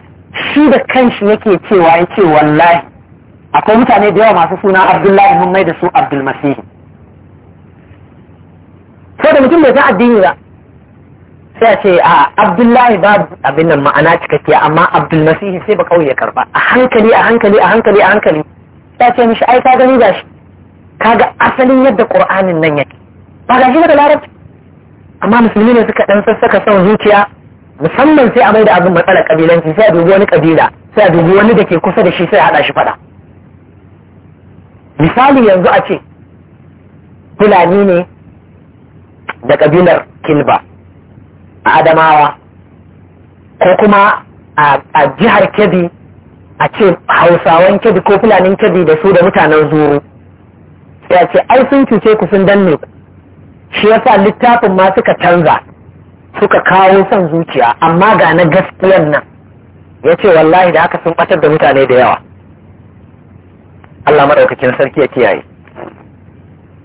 shi da kanshi yake cewa ya ce wallahi akwai mutane da yawa masu suna Abdullahi mun mai da su Abdul sai da mutum bai san addini ba sai ce a abdullahi ba abin nan ma'ana cikakkiya amma abdul nasihi sai ba kawai ya karba a hankali a hankali a hankali a hankali sai ce mishi ai ka gani gashi kaga asalin yadda qur'anin nan yake ba gashi daga larabci amma musulmi ne suka dan sassaka son zuciya musamman sai a mai da abin matsala kabilanci sai a dubi wani kabila sai a dubi wani da ke kusa da shi sai a hada shi fada misali yanzu a ce fulani ne da kabilar kilba a adamawa ko kuma a jihar kebbi a ce hausawan kebbi ko fulanin kebbi da su da mutanen zuru ya ce ai sun cuce ku sun danne ku shi yasa littafin ma suka canza suka kawo son zuciya amma ga na gaskiyan nan ya ce wallahi da aka sun batar da mutane da yawa Allah maɗaukakin sarki ya kiyaye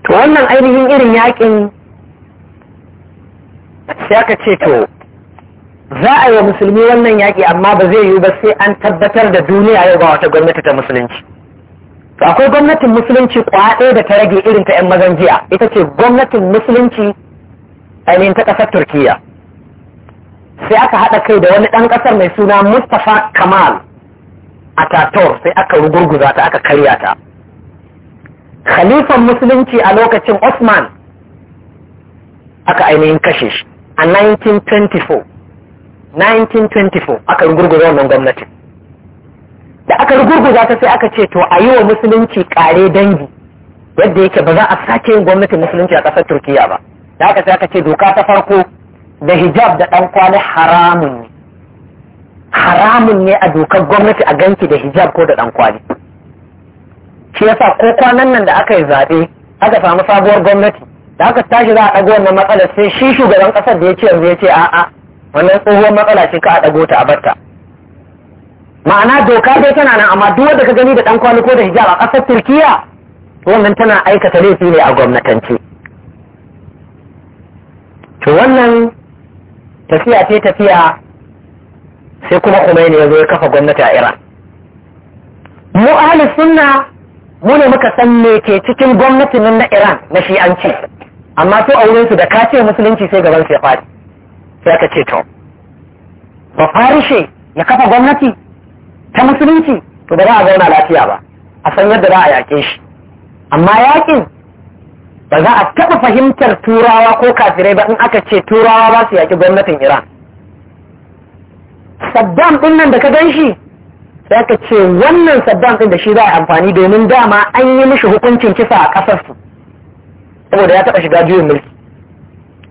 to wannan ainihin irin yaƙin. sai aka ce to za a yi wa musulmi wannan yaƙi amma ba zai yiwu ba sai an tabbatar da duniya yau ba wata gwamnati ta musulunci to akwai gwamnatin musulunci kwaɗe da ta rage irin ta 'yan mazan jiya ita ce gwamnatin musulunci yanayin ta ƙasar turkiyya sai aka haɗa kai da wani ɗan ƙasar mai suna mustapha kamal a tator sai aka rugurguza ta aka karya ta khalifan musulunci a lokacin osman aka ainihin kashe shi a 1924 1924 aka rugurguza wannan gwamnatin da aka rugurguza ta sai aka ce to a yi wa musulunci kare dangi yadda yake ba za a sake yin gwamnatin musulunci a ƙasar Turkiyya ba da aka sai aka ce doka ta farko da hijab da ɗan kwali haramun ne haramun ne a dokar gwamnati a ganki da hijab ko da ɗan kwali shi yasa ko kwanan nan da aka yi zaɓe aka samu sabuwar gwamnati da aka tashi za a ɗago wannan matsalar sai shi shugaban ƙasar da ya ce yanzu ya ce a'a wannan tsohuwar matsala ce ka a ɗago ta a batta ma'ana doka dai tana nan amma duk wanda ka gani da ɗan kwali ko da hijab a ƙasar turkiya wannan tana aikata laifi ne a gwamnatance to wannan tafiya ce tafiya sai kuma kuma ne yanzu ya kafa gwamnati a Iran mu sunna mu ne muka san me ke cikin gwamnatin na Iran na shi'anci amma to a su da ka ce musulunci sai gaban su ya sai aka ce to ba farishe ya kafa gwamnati ta musulunci to ba za a zauna lafiya ba a san yadda za a yaƙe shi amma yaƙin ba za a taɓa fahimtar turawa ko kafirai ba in aka ce turawa ba su yaƙi gwamnatin iran saddam ɗin nan da ka gan shi sai aka ce wannan saddam ɗin da shi za a amfani domin dama an yi mishi hukuncin kisa a ƙasarsu saboda ya taɓa shiga juyin mulki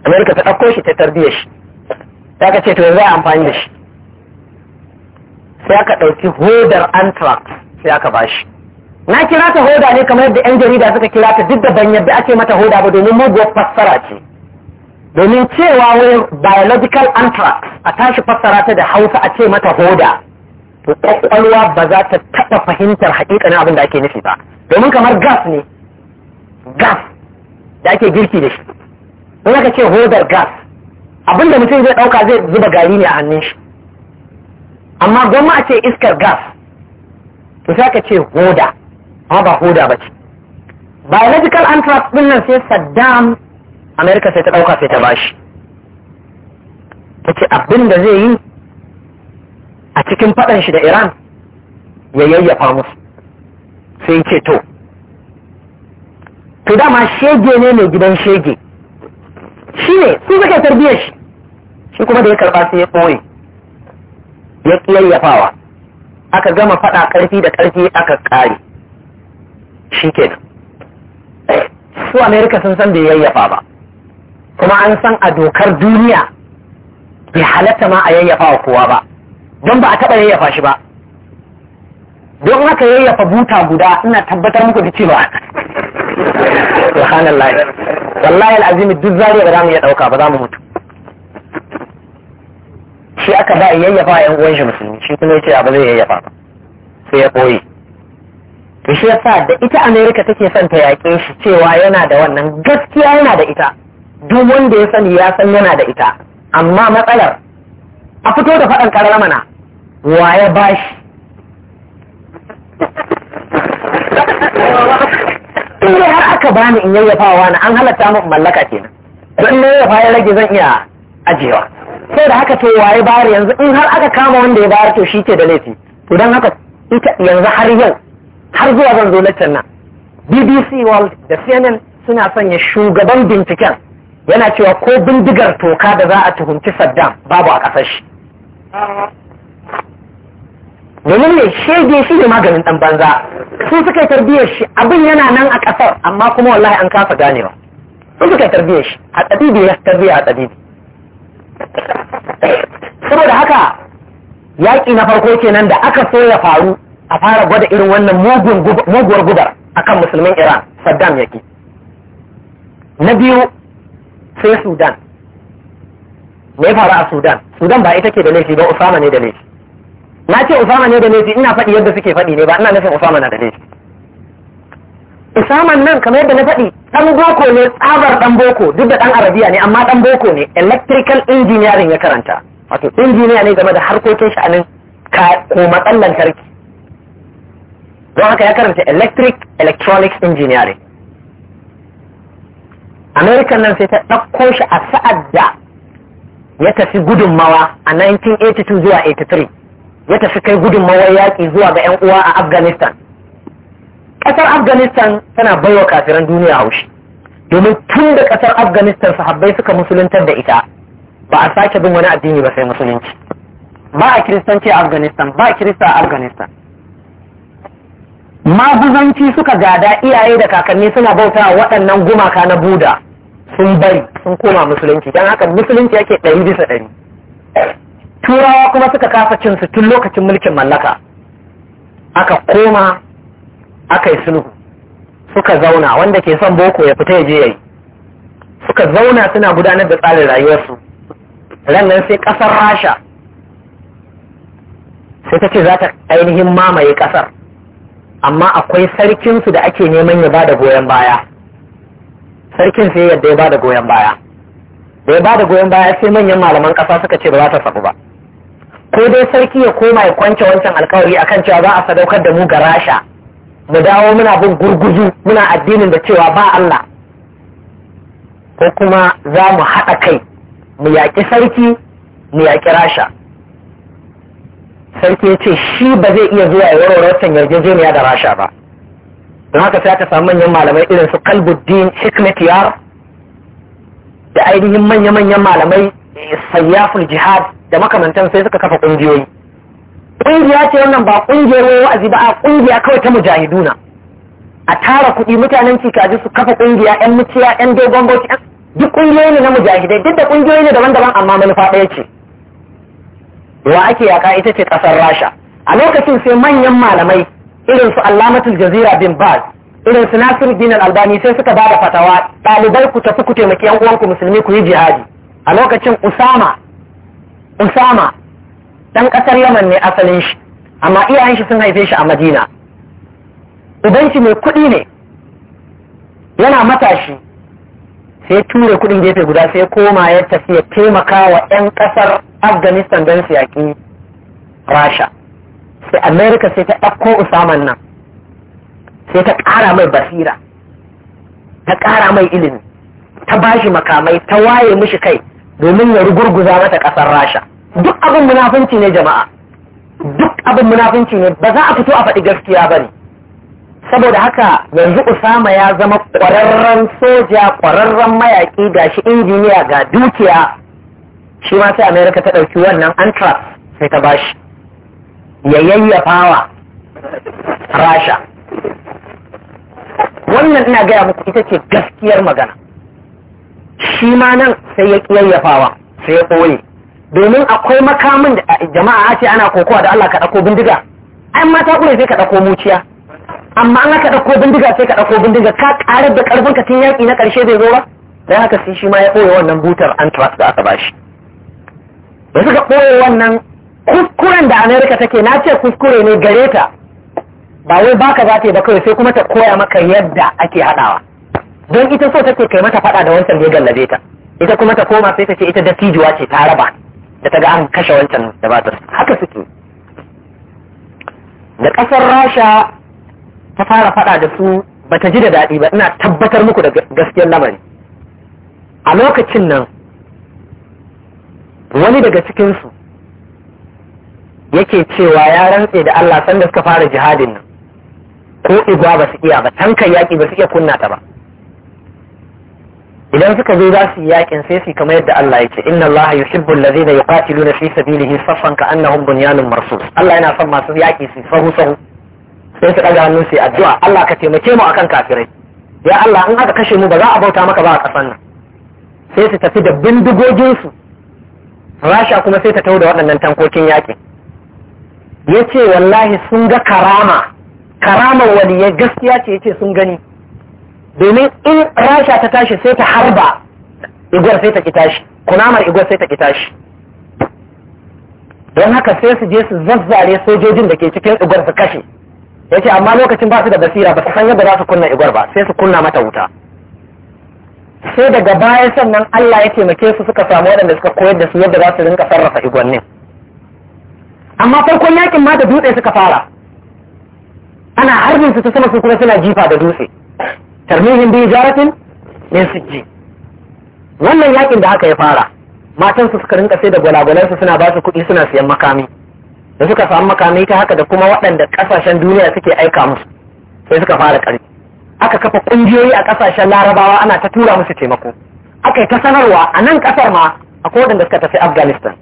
amerika ta ɗauko shi ta tarbiyyar shi ta ka ce to yanzu a amfani da shi sai aka ɗauki hodar anthrax sai aka ba shi na kira ta hoda ne kamar yadda 'yan jarida suka kira ta duk da ban yadda ake mata hoda ba domin muguwar fassara ce domin cewa wai biological anthrax a tashi fassara ta da hausa a ce mata hoda to kwakwalwa ba za ta taɓa fahimtar haƙiƙanin abin da ake nufi ba domin kamar gas ne gas da ake girki da shi in aka ce hodar gas abinda mutum zai ɗauka zai zuba gari ne a hannun shi amma goma a ce iskar gas to sai aka ce hoda amma ba hoda ba ce biological anthrax ɗin nan sai saddam america sai ta ɗauka sai ta bashi ta ce abinda zai yi a cikin faɗan shi da iran ya yayyafa musu sai ce to to dama shege ne mai gidan shege shi ne su suka tarbiyyar shi shi kuma da ya karba sai ya ɓoye ya kiyayyafawa aka gama faɗa ƙarfi da ƙarfi aka ƙare shi su amerika sun san bai yayyafa ba kuma an san a dokar duniya bai halatta ma a yayyafa wa kowa ba don ba a taba yayyafa shi ba don haka yayyafa buta guda ina tabbatar muku da cewa subhanallah wallahi alazimi duk zariya ba za mu iya ɗauka ba za mu mutu shi aka ba yayyafa yan uwan shi musulmi shi kuma yace abu zai yayyafa sai ya koyi to shi yasa da ita America take son ta yaƙe shi cewa yana da wannan gaskiya yana da ita duk wanda ya sani ya san yana da ita amma matsalar a fito da faɗan ƙarar mana waye bashi in har aka bani in yayyafawa na an halatta mu mallaka kenan don na yayyafa ya rage zan iya ajewa sai da haka to waye bayar yanzu in har aka kama wanda ya bayar to shi ke da laifi to dan haka ita yanzu har yau har zuwa zan zo laccan nan bbc world da cnn suna sanya shugaban binciken yana cewa ko bindigar toka da za a tuhunci saddam babu a kasar shi domin ne shege shi ne maganin dan banza su suka yi tarbiyyar shi abin yana nan a ƙasar amma kuma wallahi an kafa ganewa su suka yi tarbiyyar shi a tsadidi ya tarbiyya a tsadidi saboda haka yaƙi na farko kenan da aka so ya faru a fara gwada irin wannan muguwar gubar kan musulmin iran saddam yaƙi na biyu sai sudan me faru a sudan sudan ba ita ke da laifi ba usama ne da laifi na ce usama ne da laifi ina faɗi yadda suke faɗi ne ba ina nufin usama na da laifi Usama nan kamar yadda na faɗi ɗan boko ne tsabar ɗan boko duk da ɗan arabiya ne amma ɗan boko ne electrical engineering ya karanta wato injiniya ne game da harkokin sha'anin ko matsan lantarki don haka ya karanta electric electronics engineering american nan sai ta ɗauko shi a sa'ad da ya tafi gudunmawa a 1982 zuwa 83 ya tafi kai gudunmawar yaƙi zuwa ga 'yan uwa a afghanistan ƙasar afghanistan tana baiwa kafiran duniya haushi domin tun da ƙasar afghanistan sahabbai suka musuluntar da ita ba a sake bin wani addini ba sai musulunci ba a kiristanci a afghanistan ba a kirista a afghanistan maguzanci suka gada iyaye da kakanni suna bauta waɗannan gumaka na buda sun bari sun koma musulunci don haka musulunci yake ɗari bisa ɗari turawa kuma suka kafa cinsu tun lokacin mulkin mallaka aka koma aka yi sulhu suka zauna wanda ke son boko ya fita ya je yayi suka zauna suna gudanar da tsarin rayuwarsu rannan sai kasar rasha sai ta ce za ta ainihin mamaye kasar amma akwai sarkinsu da ake neman ya bada goyon baya sarkin sai yadda ya bada goyon baya da ya bada goyon baya sai manyan malaman kasa suka ce ba za ta sabu ba ko dai sarki ya koma ya kwance wancan alkawari kan cewa za a sadaukar da mu ga rasha mu dawo muna bin gurguzu muna addinin da cewa ba Allah ko kuma za mu haɗa kai mu yaƙi sarki mu yaƙi rasha sarki ya ce shi ba zai iya zuwa ya warware wancan yarjejeniya da rasha ba don haka sai aka samu manyan malamai irin su kalbuddin hikmetiyar da ainihin manya-manyan malamai eh, sayyaful jihad da makamantan sai suka kafa ƙungiyoyi ƙungiya ce wannan ba ƙungiyar wa'azi ba a ƙungiya kawai ta mujahiduna a tara kuɗi mutanen cikaji su kafa ƙungiya yan muciya yan dogon bauchi duk ƙungiyoyi ne na mujahidai duk da ƙungiyoyi ne daban-daban amma manufa ɗaya ce wa ake yaƙa ita ce ƙasar rasha a lokacin sai manyan malamai irin su allamatul jazira bin baz irin su nasiru bin albani sai suka ba da fatawa ɗalibai ku tafi ku taimaki yan uwanku musulmi ku yi jihadi a lokacin usama usama ɗan ƙasar yaman ne asalin shi amma iyayen shi sun haife shi a madina Idan shi mai kuɗi ne yana matashi sai ture kuɗin gefe guda sai koma ya tafi ya taimaka wa 'yan ƙasar afghanistan don su yaƙi rasha sai amerika sai ta ɗauko usaman nan sai ta ƙara mai basira ta ƙara mai ilimi ta bashi makamai ta waye mishi kai domin ya rugurguza mata ƙasar rasha duk abin munafunci ne jama'a duk abin munafunci ne ba za a fito a faɗi gaskiya ba ne saboda haka yanzu usama ya zama ƙwararren soja ƙwararren mayaƙi ga shi injiniya ga dukiya shi ma sai amerika ta ɗauki wannan antrax sai ta ba shi. ya yayyafawa rasha wannan ina gaya muku ita ce gaskiyar magana shi ma nan sai ya kiyayyafawa sai ya koye domin akwai makamin da jama'a ce ana kokowa da Allah ka ɗauko bindiga ai mata kure sai ka ɗauko muciya amma an ka ɗauko bindiga sai ka ɗauko bindiga ka ƙarar da ƙarfin ka tun yaƙi na ƙarshe bai zo ba dan haka sai shi ma ya ɓoye wannan butar anthrax da aka bashi da suka ɓoye wannan kuskuren da amerika take na ce kuskure ne gare ta ba wai baka za ta yi ba kawai sai kuma ta koya maka yadda ake haɗawa don ita so take kai mata faɗa da wancan da ya gallabe ta ita kuma ta koma sai ta ce ita dattijuwa ce ta raba da ta ga an kashe wancan da ba ta haka suke da ƙasar rasha ta fara faɗa da su ba ta ji da daɗi ba ina tabbatar muku da gaskiyar lamari a lokacin nan wani daga cikinsu yake cewa ya rantse da Allah sanda suka fara jihadin nan ko igwa ba su iya ba tankan yaƙi ba su iya kunna ta ba idan suka zo za su yi yakin sai su kamar yadda Allah ya yake inna Allah yuhibbu allazina yuqatiluna fi sabilihi saffan ka'annahum bunyanun marsus Allah yana son masu yaki su sahu sahu sai su daga hannu su addu'a Allah ka taimake mu akan kafirai ya Allah in aka kashe mu ba za a bauta maka ba a kasan nan sai su tafi da bindigogin su Rasha kuma sai ta tau da waɗannan tankokin yakin yace wallahi sun ga karama karamar ya gaskiya ce yace sun gani domin in rasha ta tashi sai ta harba igwar sai ta ki kunamar igwar sai ta ki don haka sai su je su zazzare sojojin da ke cikin igwar su kashe ya ce amma lokacin ba su da basira ba su san yadda za su kunna igwar ba sai su kunna mata wuta sai daga baya sannan Allah ya taimake su suka samu waɗanda suka koyar da su yadda za su rinka sarrafa igwannin amma farkon yakin ma da dutse suka fara ana harbin su ta sama su kuma suna jifa da dutse tarmihin bi jaratin min sijji wannan yakin da aka ya fara matan su suka rinka sai da gwalagwalan su suna ba su kuɗi suna siyan makami da suka samu makami ta haka da kuma waɗanda ƙasashen duniya suke aika musu sai suka fara ƙarfi aka kafa ƙungiyoyi a ƙasashen larabawa ana ta tura musu taimako aka yi ta sanarwa a nan ƙasar ma akwai waɗanda suka tafi afghanistan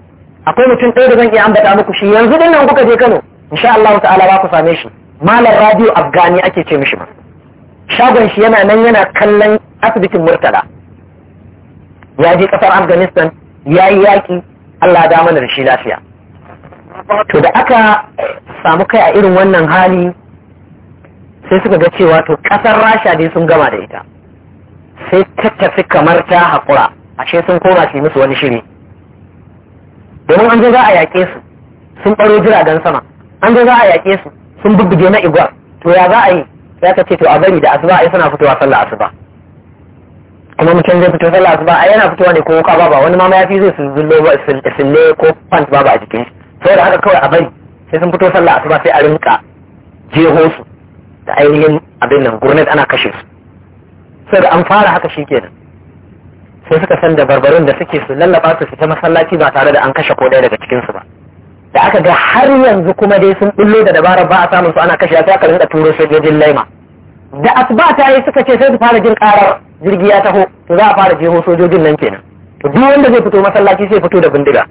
akwai mutum ɗaya da zan iya ambata muku shi yanzu din nan kuka je kano insha allahu ta'ala ba ku same shi malar radio afghani ake ce mishi ma shagon shi yana nan yana kallon asibitin murtala ya je kasar afghanistan ya yi yaƙi allah da mana da shi lafiya to da aka samu kai a irin wannan hali sai suka ga cewa to kasar rasha dai sun gama da ita sai ta tafi kamar ta haƙura ashe sun koma su musu wani shiri domin an za a yaƙe su sun ɓaro jiragen sama an za a yaƙe su sun bubbuge na igwar to ya za a yi sai ka ce to a bari da asuba ai suna fitowa sallah asuba kuma mutum zai fito sallah asuba ai yana fitowa ne ko ka ba wani ma ya fi zai su zullo ba sille ko pant ba ba a jikin sai da haka kawai a bari sai sun fito sallah asuba sai a rinka jeho su da ainihin abin nan gurnet ana kashe su sai da an fara haka shi kenan sai suka san da barbarin da suke su lallaba su su ta masallaci ba tare da an kashe ko ɗaya daga cikinsu ba da aka ga har yanzu kuma dai sun bullo da dabarar ba a samun su ana kashe sai aka rinka turo sojojin laima da asuba ta yi suka ce sai su fara jin karar jirgi ya taho to za a fara jeho sojojin nan kenan to duk wanda zai fito masallaci sai fito da bindiga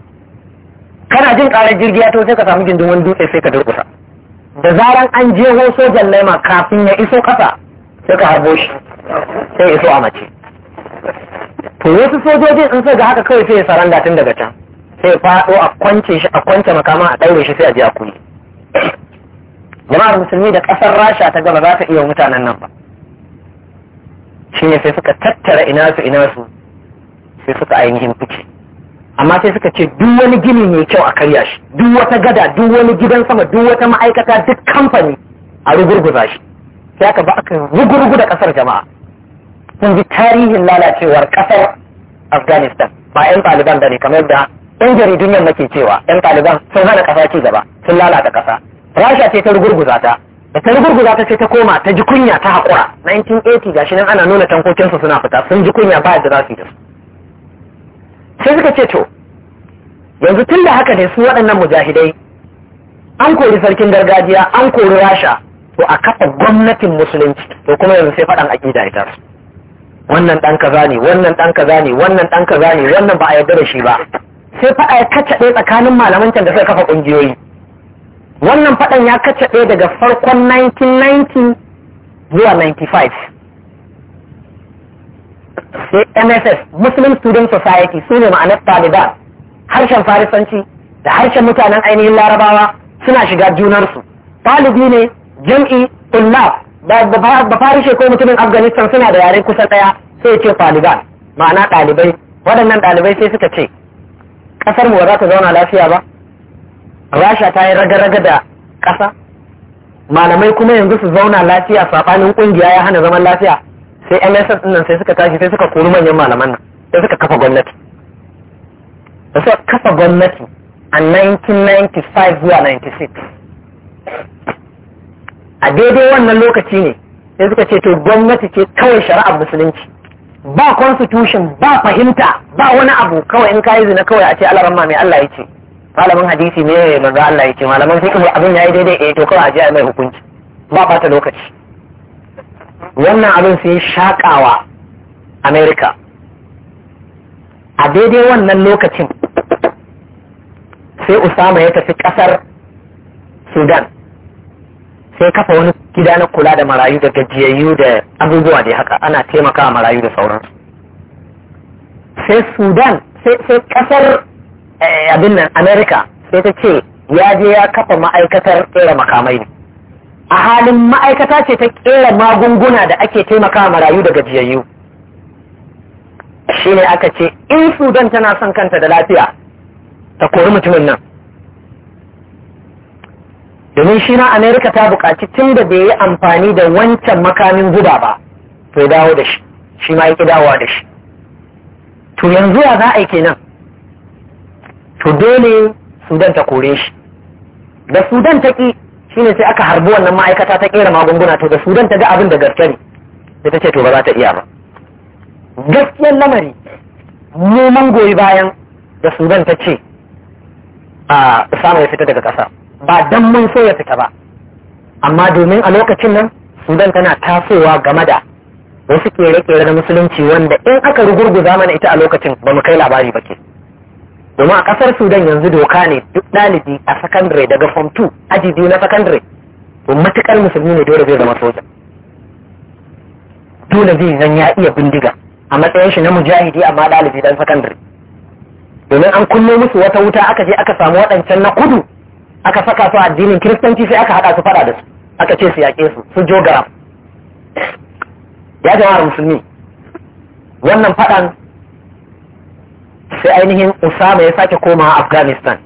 kana jin karar jirgi ya taho sai ka samu gindin wani dutse sai ka durkusa da zaran an jeho sojan laima kafin ya iso kasa sai ka harbo shi sai iso a mace to wasu sojojin in sai ga haka kawai sai ya saranda tun daga can zai faɗo a kwance shi a kwance makama a ɗaure shi sai a je a kuyi jama'ar musulmi da ƙasar rasha ta gaba za ta iya mutanen nan ba shi ne sai suka tattara ina su ina su sai suka ainihin fice amma sai suka ce duk wani gini mai kyau a karya shi duk wata gada duk wani gidan sama duk wata ma'aikata duk kamfani a rugurguza shi sai aka ba aka rugurgu da ƙasar jama'a sun ji tarihin lalacewar ƙasar afghanistan ba 'yan ɗaliban da ne kamar da yan jaridun yamma ke cewa yan taliban sun hana ƙasa ci gaba sun lalata ƙasa rasha ce ta rugurguza ta da ta rugurguza ta ce ta koma ta ji kunya ta haƙura 1980 gashi nan ana nuna tankokinsu suna fita sun ji kunya ba da za su yi sai suka ce to yanzu tun da haka ne su waɗannan mujahidai an kori sarkin gargajiya an kori rasha to a kafa gwamnatin musulunci to kuma yanzu sai faɗan aƙida ita wannan ɗan kaza ne wannan ɗan kaza ne wannan ɗan kaza ne wannan ba a yarda da shi ba sai faɗa ya kacaɗe tsakanin malaman can da suka kafa ƙungiyoyi wannan faɗan ya kacaɗe daga farkon 1990 zuwa 95 sai mss muslim student society su ne ma'anar taliban harshen farisanci da harshen mutanen ainihin larabawa suna shiga junarsu talibi ne jam'i kulla ba farishe ko mutumin afghanistan suna da yare kusa ɗaya sai ce taliban ma'ana ɗalibai waɗannan ɗalibai sai suka ce kasar mu ba za ta zauna lafiya ba rasha ta yi raga-raga da ƙasa malamai kuma yanzu su zauna lafiya saɓanin ƙungiya ya hana zaman lafiya sai mss nan sai suka tashi sai suka kori manyan malaman nan sai suka kafa gwamnati da suka kafa gwamnati a 1995 zuwa 96 a daidai wannan lokaci ne sai suka ce to gwamnati ce kawai shari'ar musulunci ba constitution ba fahimta ba wani abu kawai in kayi zina kawai a ce alaran ma mai Allah ya ce malamin hadisi ne manzo Allah ya ce malamin fiqh abin yayi daidai eh to kawai a je a mai hukunci ba bata lokaci wannan abin sai shakawa America a daidai wannan lokacin sai Usama ya tafi kasar Sudan sai kafa wani gida na kula da marayu da gajiyayyu da abubuwa da haka ana taimakawa marayu da sauransu sai sudan sai kasar eh, abin nan america sai ta ce ya je ya kafa ma'aikatar kera makamai ne a halin ma'aikata ce ta kera magunguna da ake taimakawa marayu da gajiyayyu shine aka ce in sudan tana son kanta da lafiya ta kori mutumin nan domin shi na amerika ta buƙaci tun da bai yi amfani da wancan makamin guba ba to ya dawo da shi shi ma ya dawowa da shi to yanzu ya za a yi kenan to dole sudan ta kore shi da sudan ta ƙi ne sai aka harbi wannan ma'aikata ta kera magunguna to da sudan ta ga abin da gaske ne sai ta ce to ba za ta iya ba gaskiyar lamari neman goyi bayan da sudan ta ce a samun ya fita daga ƙasa ba don mun so ya fita ba amma domin a lokacin nan sudan tana tasowa game da wasu kere-kere na musulunci wanda in aka rugurguza mana ita a lokacin ba mu kai labari ba ke domin a kasar sudan yanzu doka ne duk ɗalibi a sakandare daga form 2 aji biyu na sakandare to matukar musulmi ne dole zai zama soja dole zai zan ya iya bindiga a matsayin shi na mujahidi amma ɗalibi dan sakandare domin an kunne musu wata wuta aka je aka samu waɗancan na kudu aka saka su addinin kiristanci sai aka haɗa su faɗa da su aka ce su yaƙe su su jogara ya jama'ar musulmi wannan faɗan sai ainihin usama ya sake komawa afghanistan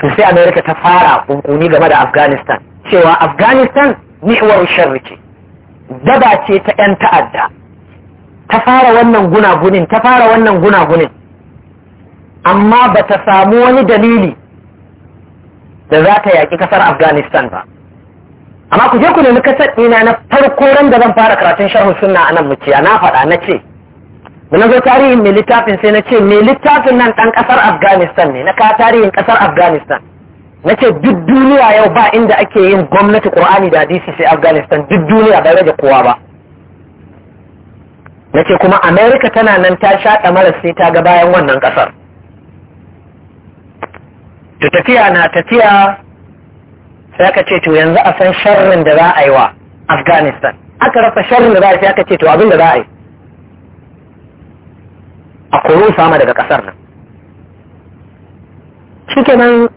to sai amerika ta fara kunkuni game da afghanistan cewa afghanistan ni'war sharri ce daba ce ta 'yan ta'adda ta fara wannan gunagunin ta fara wannan gunagunin amma ba ta samu wani dalili da za ta yaƙi ƙasar afghanistan ba amma ku je ku nemi kasar ɗina na farko ran da zan fara karatun sharhu sunna a nan muciya na faɗa na ce na zo tarihin mai littafin sai na ce mai littafin nan ɗan ƙasar afghanistan ne na ka tarihin ƙasar afghanistan na ce duk duniya yau ba inda ake yin gwamnati ƙur'ani da hadisi sai afghanistan duk duniya bai rage kowa ba na ce kuma amerika tana nan ta shaɗa mara sai ta ga bayan wannan ƙasar da tafiya na tafiya sai aka ce to yanzu a san sharrin da za a yi wa afghanistan aka rasa sharrin da za a yi sai aka ce to abin da za a yi a koro sama daga kasar nan nan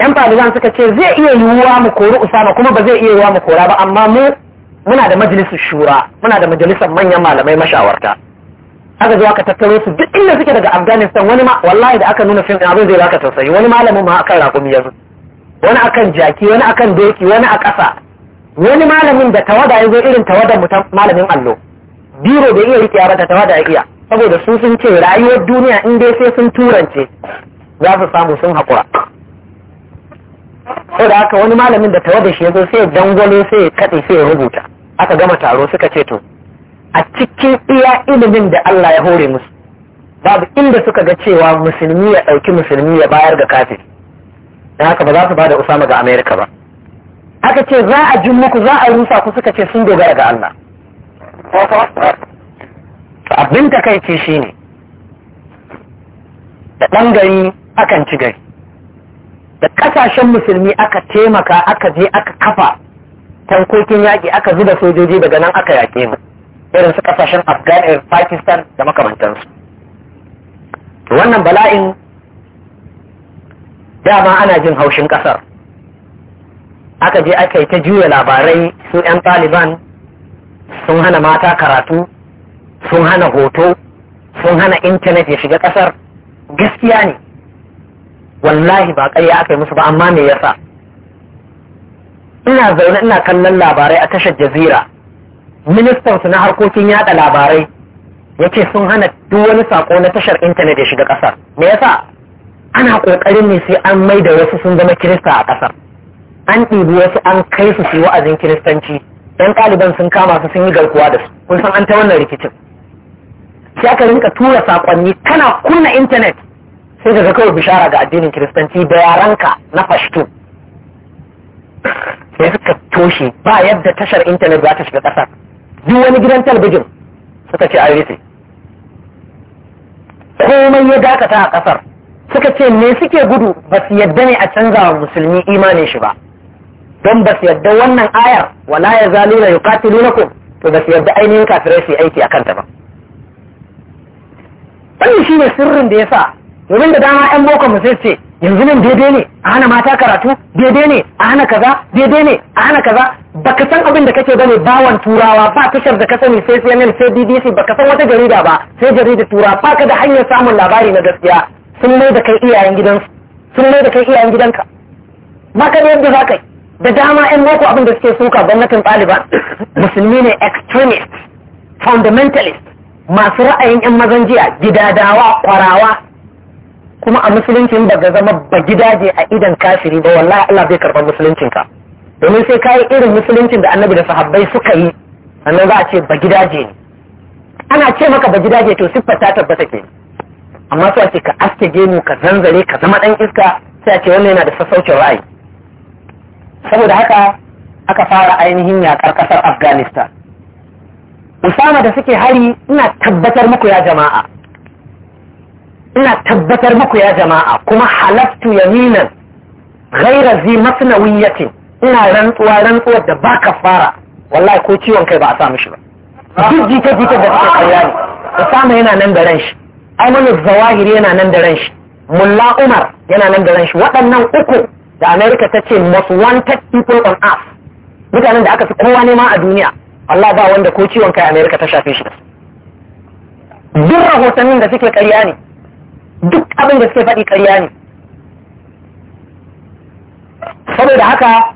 yan fadizan suka ce zai iya yiwuwa mu kori usama kuma ba zai iya yiwuwa mu kora ba amma mu muna da majalisar shura muna da majalisar manyan malamai mashawarta aka zo aka tattaro su duk inda suke daga afghanistan wani ma wallahi da aka nuna fim abin zai laka tausayi wani malamin ma akan raƙumi yanzu wani akan jaki wani akan doki wani a ƙasa wani malamin da tawada ya zo irin tawadar mu ta malamin allo biro bai iya rike ba ta tawada ya iya saboda su sun ce rayuwar duniya in dai sai sun turance za su samu sun haƙura saboda haka wani malamin da tawadar shi ya zo sai ya dangwalo sai ya kaɗe sai ya rubuta aka gama taro suka ce to a cikin iya ilimin da Allah ya hore musu babu inda suka ga cewa musulmi ya ɗauki musulmi ya bayar ga kafin. don haka ba za su ba da usama ga amerika ba aka ce za a jin muku za a rusa ku suka ce sun dogara ga Allah abin takaici shine da ɗan akan ci gari da ƙasashen musulmi aka taimaka aka je aka kafa tankokin yaƙi aka zuba sojoji daga nan aka yaƙe mu irin su kasashen afghanistan eh, pakistan da makamantansu wannan bala'in dama ana jin haushin kasar aka je aka yi ta juya labarai su 'yan taliban sun hana mata karatu sun hana hoto sun hana intanet ya shiga kasar gaskiya ne wallahi ba ƙarya aka yi musu ba amma me yasa ina zaune ina kallon labarai a tashar jazira ministansu na harkokin yada labarai ya sun hana duk wani sako na tashar intanet ya shiga kasar me yasa ana ƙoƙarin ne sai an mai da wasu sun zama kirista a kasar an ɗibi wasu an kai su su wa'azin kiristanci yan ɗaliban sun kama su sun yi garkuwa da su kun san an ta wannan rikicin sai aka rinka tura sakonni kana kunna intanet sai ka ga kawai bishara ga addinin kiristanci da ka na fashto sai suka toshe ba yadda tashar intanet za ta shiga kasar duk wani gidan talabijin suka ce an rufe komai ya dakata a kasar suka ce me suke gudu ba su yadda ne a canza wa musulmi imanin shi ba don ba su yadda wannan ayar wala ya zalu na yuqatilunakum to ba su yadda ainihin kafirai su aiki a kanta ba wannan shi ne sirrin da ya sa domin da dama yan boko mu sai ce yanzu nan daidai ne a hana mata karatu daidai ne a hana kaza daidai ne a hana kaza baka san abin da kake bane bawan turawa ba tashar da ka sani sai CNN sai BBC ka san wata jarida ba sai jarida tura ba ka da hanyar samun labari na gaskiya sun mai da kai iyayen gidansu sun mai da kai iyayen gidanka ba ka da yadda za ka yi da dama yan boko abin da suke suka gwamnatin ɗaliban [COUGHS] musulmi ne extremist fundamentalist masu ra'ayin yan mazan jiya dawa kwarawa kuma a musuluncin ba ga zama ba gidaje a idan kafiri ba wallahi Allah bai karɓar musuluncinka domin sai kayi irin musuluncin da annabi da sahabbai suka yi sannan za a ce ba gidaje ne ana ce maka ba gidaje to siffar ta tabbata ke amma sai a ce ka aske gemu ka zanzare ka zama dan iska sai a ce wannan yana da sassaucin ra'ayi saboda haka aka fara ainihin yakar kasar afghanistan usama da suke hari ina tabbatar muku ya jama'a ina tabbatar muku ya jama'a kuma halattu yaminan ghaira zi ina rantsuwa rantsuwar da ba ka fara wallahi ko ciwon kai ba a samu shi ba duk jita jita da suke karya ne da sama yana nan da ran shi aimanin zawahiri yana nan da ran shi mulla umar yana nan da ran shi waɗannan uku da america ta ce most wanted people on earth mutanen da aka fi kowa nema a duniya Allah ba wanda ko ciwon kai america ta shafe shi da duk rahotannin da suke karya ne duk abin da suke faɗi karya ne saboda haka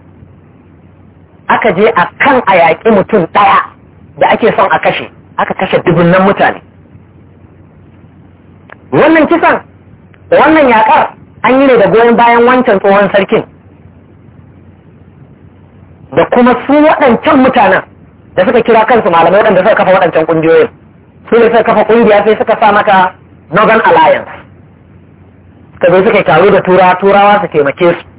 aka je a kan a yaƙi mutum ɗaya da ake son a kashe aka kashe dubunnan mutane wannan kisan wannan yaƙar an yi ne da goyon bayan wancan tsohon sarkin da kuma su waɗancan mutanen da suka kira kansu malamai waɗanda suka kafa waɗancan ƙungiyoyin su ne suka kafa ƙungiya sai suka sa maka northern alliance Ka zo suka taro da turawa turawa su taimake su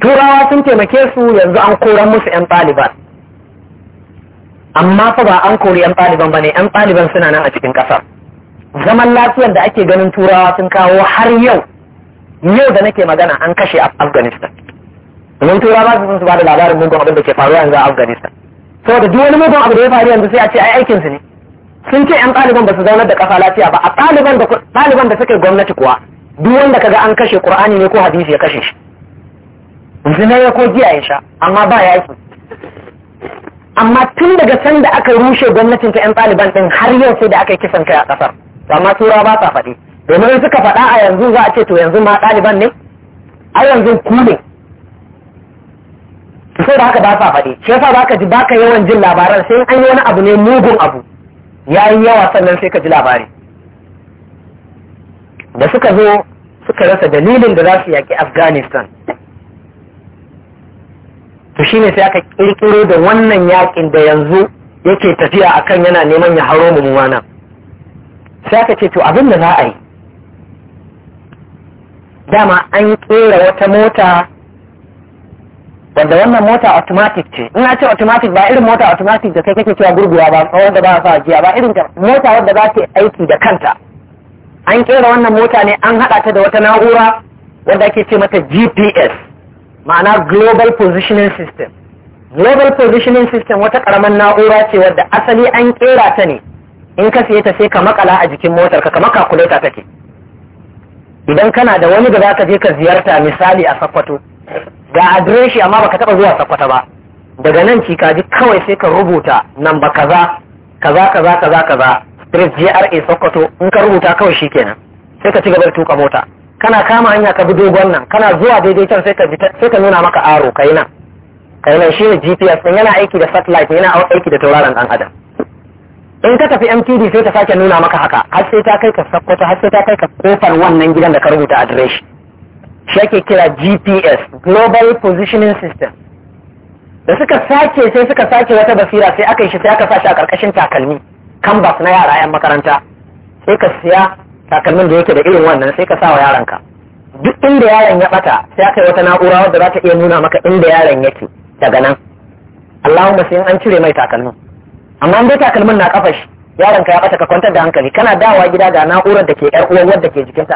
turawa sun taimake su yanzu an koran musu 'yan ɗaliban amma fa ba an kori 'yan ɗaliban ba ne 'yan ɗaliban suna nan a cikin ƙasar zaman lafiyar da ake ganin turawa sun kawo har yau yau da nake magana an kashe afghanistan domin turawa su su ba da labarin mugun abin da ke faruwa yanzu a afghanistan saboda duk wani mugun abu da ya faru yanzu sai a ce ai aikinsu ne sun ce 'yan ɗaliban ba su zaunar da ƙasa lafiya ba a ɗaliban da suka gwamnati kuwa duk wanda kaga an kashe ƙur'ani ne ko hadisi ya kashe shi zina ya ko giya ya sha amma ba ya yi amma tun daga da aka rushe gwamnatin ta 'yan ɗaliban ɗin har yau sai da aka yi kisan kai a ƙasar amma tura ba sa faɗi domin suka faɗa a yanzu za a ce to yanzu ma ɗaliban ne a yanzu ku ne sai da haka ba sa faɗi shi yasa ba ka ji baka yawan jin labaran sai an yi wani abu ne mugun abu ya yi yawa sannan sai ka ji labari da suka zo suka rasa dalilin da za su yaƙi afghanistan to shine sai aka kirkiro da wannan yakin da yanzu yake tafiya akan yana neman ya haro mummuna sai aka ce to abin da za a yi dama an kera wata mota wanda wannan mota automatic ce ina ce automatic ba irin mota automatic da kai kake cewa gurguwa ba wanda ba sa jiya ba irin mota wadda za ta aiki da kanta an kera wannan mota ne an haɗa ta da wata na'ura wanda ake ce mata GPS ma'ana global positioning system global positioning system wata karamar na'ura ce wadda asali an kera ta ne in ka siye ta sai ka makala a jikin motar ka kamar calculator take idan kana da wani da za ka je ka ziyarta misali a sakkwato ga adireshi amma baka taba zuwa sakkwata ba daga nan ci kaji kawai sai ka rubuta namba kaza kaza kaza kaza kaza street gra sokoto in ka rubuta kawai shikenan sai ka ci gaba da tuka mota kana kama hanya ka bi dogon nan kana zuwa daidai can sai ka bi sai ka nuna maka aro kai nan kai nan shine GPS din yana aiki da satellite yana aiki da tauraron dan adam in ka tafi MTD sai ta sake nuna maka haka har sai ta kai ka sakkwato har sai ta kai ka kofar wannan gidan da ka rubuta adireshi shi ake kira GPS Global Positioning System da suka sake sai suka sake wata basira sai aka yi shi sai aka sashi a karkashin takalmi canvas na yara 'yan makaranta sai ka siya takalmin da yake da irin wannan sai ka sa wa yaranka. duk inda yaron ya bata sai kai wata na'ura wadda za ta iya nuna maka inda yaron yake daga nan Allahumma sai an cire mai takalmin amma in dai takalmin na kafa shi yaron ya bata ka kwantar da hankali kana dawa gida ga na'urar da ke yar uwar wadda ke jikinta